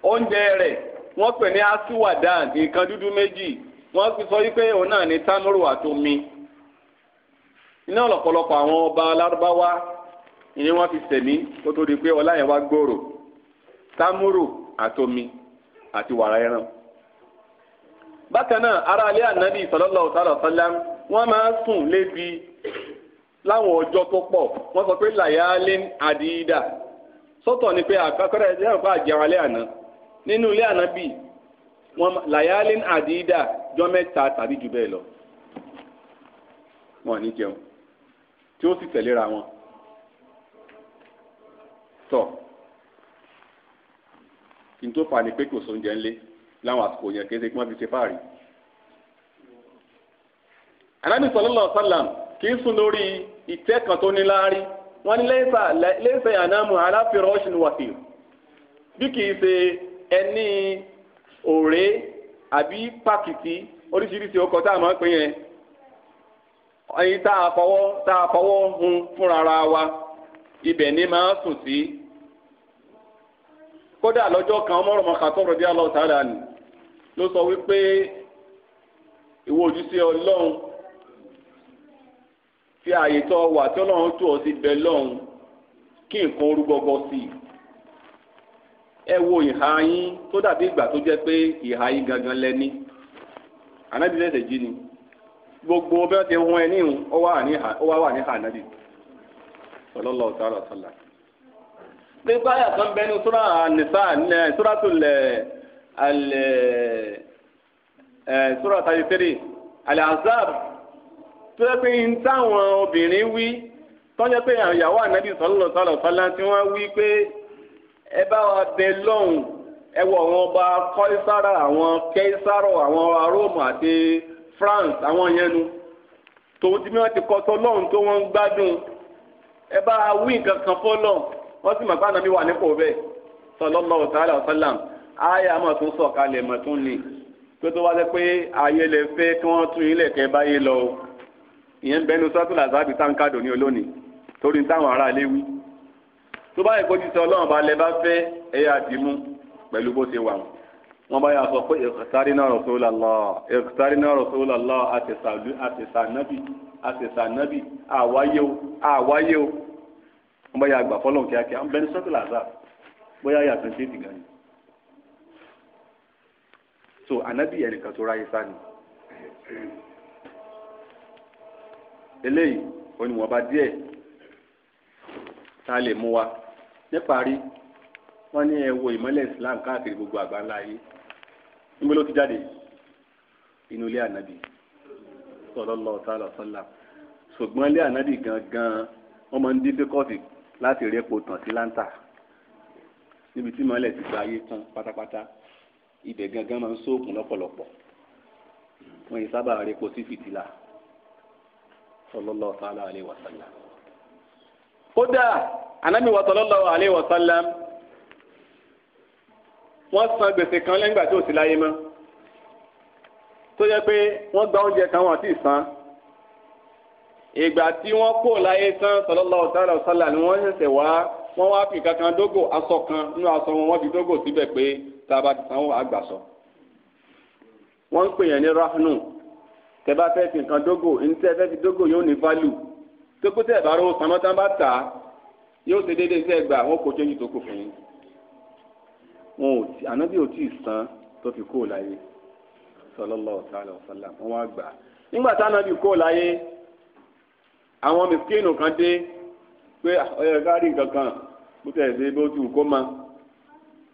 oúnjẹ rẹ̀ wọ́n pè ní asiwada nǹkan dúdú méjì wọn fi sọ wípé òun náà ní támúrù àtomi iná ọ̀pọ̀lọpọ̀ àwọn ọba alárúbáwá ìyẹn wọn fi sẹ̀mí kó tó di pé ọlá yẹn wá gbòòrò támúrù àtomi àti wàrà ẹran bákan náà ará alẹ́ ànábì sallallahu ta'ala sallam wọ́n máa ń sùn lébi láwọn ọjọ́ tó pọ̀ wọ́n sọ pé làyálẹ́ àdìdà sọ́tọ̀ ni pé àkọ́kọ́rẹ́ ẹ̀jẹ̀ náà bá jẹun alẹ́ àná nínú ilé ànábì wọn làyálẹ́ àdìdà jọ mẹ́ta tàbí jù bẹ́ẹ̀ lọ wọn ní jẹun tí ó sì tẹ̀léra wọn tọ̀ kí n tó fà ní pé kò sóúnjẹ ńlẹ́ láwọn àsìkò yẹn kì í ṣe kí wọ́n fi ṣe fáàrí. anábì sallallahu alaihi wasallam kì í sùn lórí ìtẹ́ kan tó ní láárí wọ́n ní laysa yanamu ala firashin wafir bí kì í ṣe ẹni òré àbí pàkìtì oríṣiríṣi ọkọ̀ tá a máa ń pè yẹn ẹyin tá a fọwọ́ tá a fọwọ́ hun fúnra wa ibẹ̀ ni máa sùn sí. kódà lọ́jọ́ kan ọmọ ọ̀rọ̀ mọ̀ká tó rọ̀bí aláwọ̀ sáárà ni ló sọ wípé ìwọ ojúṣe ọlọ́run fi ààyè tó wà tí ọlọ́run tó ọ sí bẹ lọ́run kí nǹkan orú gbọgbọ sí i ẹ wo ìhà yín tó dàbí ìgbà tó jẹ́ pé ìhà yín gangan lẹ́ni ànábì tẹsẹ jí ni gbogbo bí wọ́n ti wá wà ní suratul sura thirty three al-Ahzab tó yẹ pé n táwọn obìnrin wí tọ́jọ́ pé àwọn ìyàwó ànábì sọ́lọ́ sọ́lọ́ sọ́lá tí wọ́n wí pé ẹ bá wa bẹ lọ́hùn ẹ wọ àwọn ọba kọ́ísára àwọn kẹ́ísárọ̀ àwọn róòmù àti France àwọn yẹn nu tòun tí wọ́n ti kọ́ sọ lọ́hùn tó wọ́n ń gbádùn ẹ bá wí nǹkan kan fọ́ lọ́hùn wọ́n sì mọ̀ pé ànábì wà nípò bẹ́ẹ̀ sọ́lọ́ lọ́wọ́ sọ́lá sọ́lá àyà mọ̀ tún sọ̀kalẹ̀ mọ̀ tún ni tó tó wá lẹ pé ayé lè fẹ́ kí wọ́n tún ilẹ̀ kẹ́ báyé lọ o ìyẹn bẹnu sọ́tún làzábì táǹkàdò ní olónìí torí táwọn ará ilé wí tó bá yẹ kó ti sọ ọlọ́run bá lẹ bá fẹ́ ẹ̀yà àdìmú pẹ̀lú bó ṣe wà wọ́n wọ́n bá yà sọ pé ìkùtárì náà Rasulullah ìkùtárì náà Rasulullah àtẹ̀sànábì àtẹ̀sànábì àwáyé o àwáyé o wọ́n bá yà gbà fọ́lọ́n kíákíá ń bẹni sọ́tò bóyá yà tó so ànábì ẹnìkan tó ráyé sá ni eléyìí oníwọ̀nba díẹ̀ tá a lè mú wa níparí wọ́n ní ẹ wo ìmọ́lẹ̀ Islam káàkiri gbogbo àgbáńlá yìí níbo ló ti jáde inú ilé ànábì sallallahu ta'ala sallam ṣùgbọ́n ilé ànábì gangan wọ́n máa ń dín bíkọ́ọ̀tì láti rí epo tàn sí láńtà níbi tí ìmọ́lẹ̀ ti gba ayé tán pátápátá ibẹ̀ gangan máa ń sóògùn lọ́pọ̀lọpọ̀ wọ́n yìí sábà rí epo sí fìtílà sallallahu ta'ala alayhi wa sallam. kódà anábì wa sallallahu alayhi wa sallam wọ́n san gbèsè kan lẹ́yìn ìgbà tí ò sí láyé mọ́ tó yẹ pé wọ́n gba oúnjẹ kan wọ́n ti san ìgbà tí wọ́n kó láyé tán sallallahu ta'ala wa sallam ni wọ́n ṣẹ̀ṣẹ̀ wá wọ́n wá fi kankan dógò aṣọ kan nínú aṣọ wọn wọ́n fi dógò síbẹ̀ pé. tá a bá ti sanwó àgbàsọ. ń pè yẹn ní rahnu tẹ́ bá fi nǹkan dógò ní tẹ́ fi dógò yóò ní value tó kó tẹ́ ẹ̀ bá bá yóò ṣe déédéé gbà change tó kù fún yín. wọn ò tí ànábì ò tí ì san tó fi kó láyé sallallahu ta'ala wa wọn wá gbà. nígbà tánábì kó láyé àwọn kan dé pé ọ̀yọ̀ gárí kankan kó dé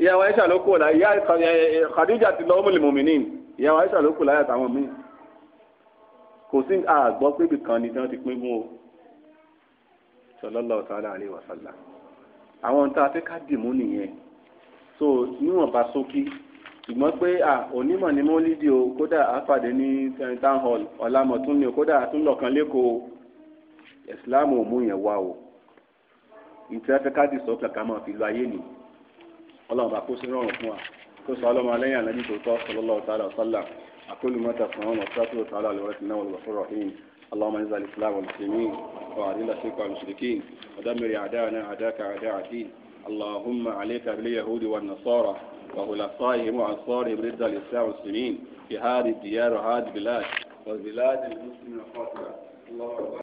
ìyàwó Aisha ló kù láyé eh, Khadija ti lọ ọmọ lèmọmìnì ìyàwó Aisha ló kù láyé àtàwọn míì kò sí àgbọ́ pébì kan ni ti pín gún o sallallahu ta'ala alaihi wa sallam àwọn tá a fẹ́ ká dìmú nìyẹn so níwọ̀nba sókí ṣùgbọ́n pé à onímọ̀ ni mo lídì o kódà àpàdé ní eh, town hall ọ̀làmọ̀tún ni o kódà àtúnlọ̀kan lẹ́kọ̀ọ́ ìsìláàmù ò mú yẹn wá o ìtẹ́fẹ́ ká dì sọ́kà ká máa fi lo ayé nìyí ọlọ́run bá kó sí rọrùn fún wa kó sọ ọlọ́mọ lẹ́yìn ànábì tó tọ́ sallallahu ta'ala wa sallam aqulu ma tasma'un wa astaghfiru ta'ala li wa lakum wal ghafur rahim اللهم انزل الاسلام والمسلمين واذل الشرك والمشركين ودمر اعداءنا اعداءك اعداء الدين اللهم عليك باليهود والنصارى وخلفائهم وانصارهم ضد الاسلام والمسلمين في هذه الديار وهذه البلاد وبلاد المسلمين الخاطئه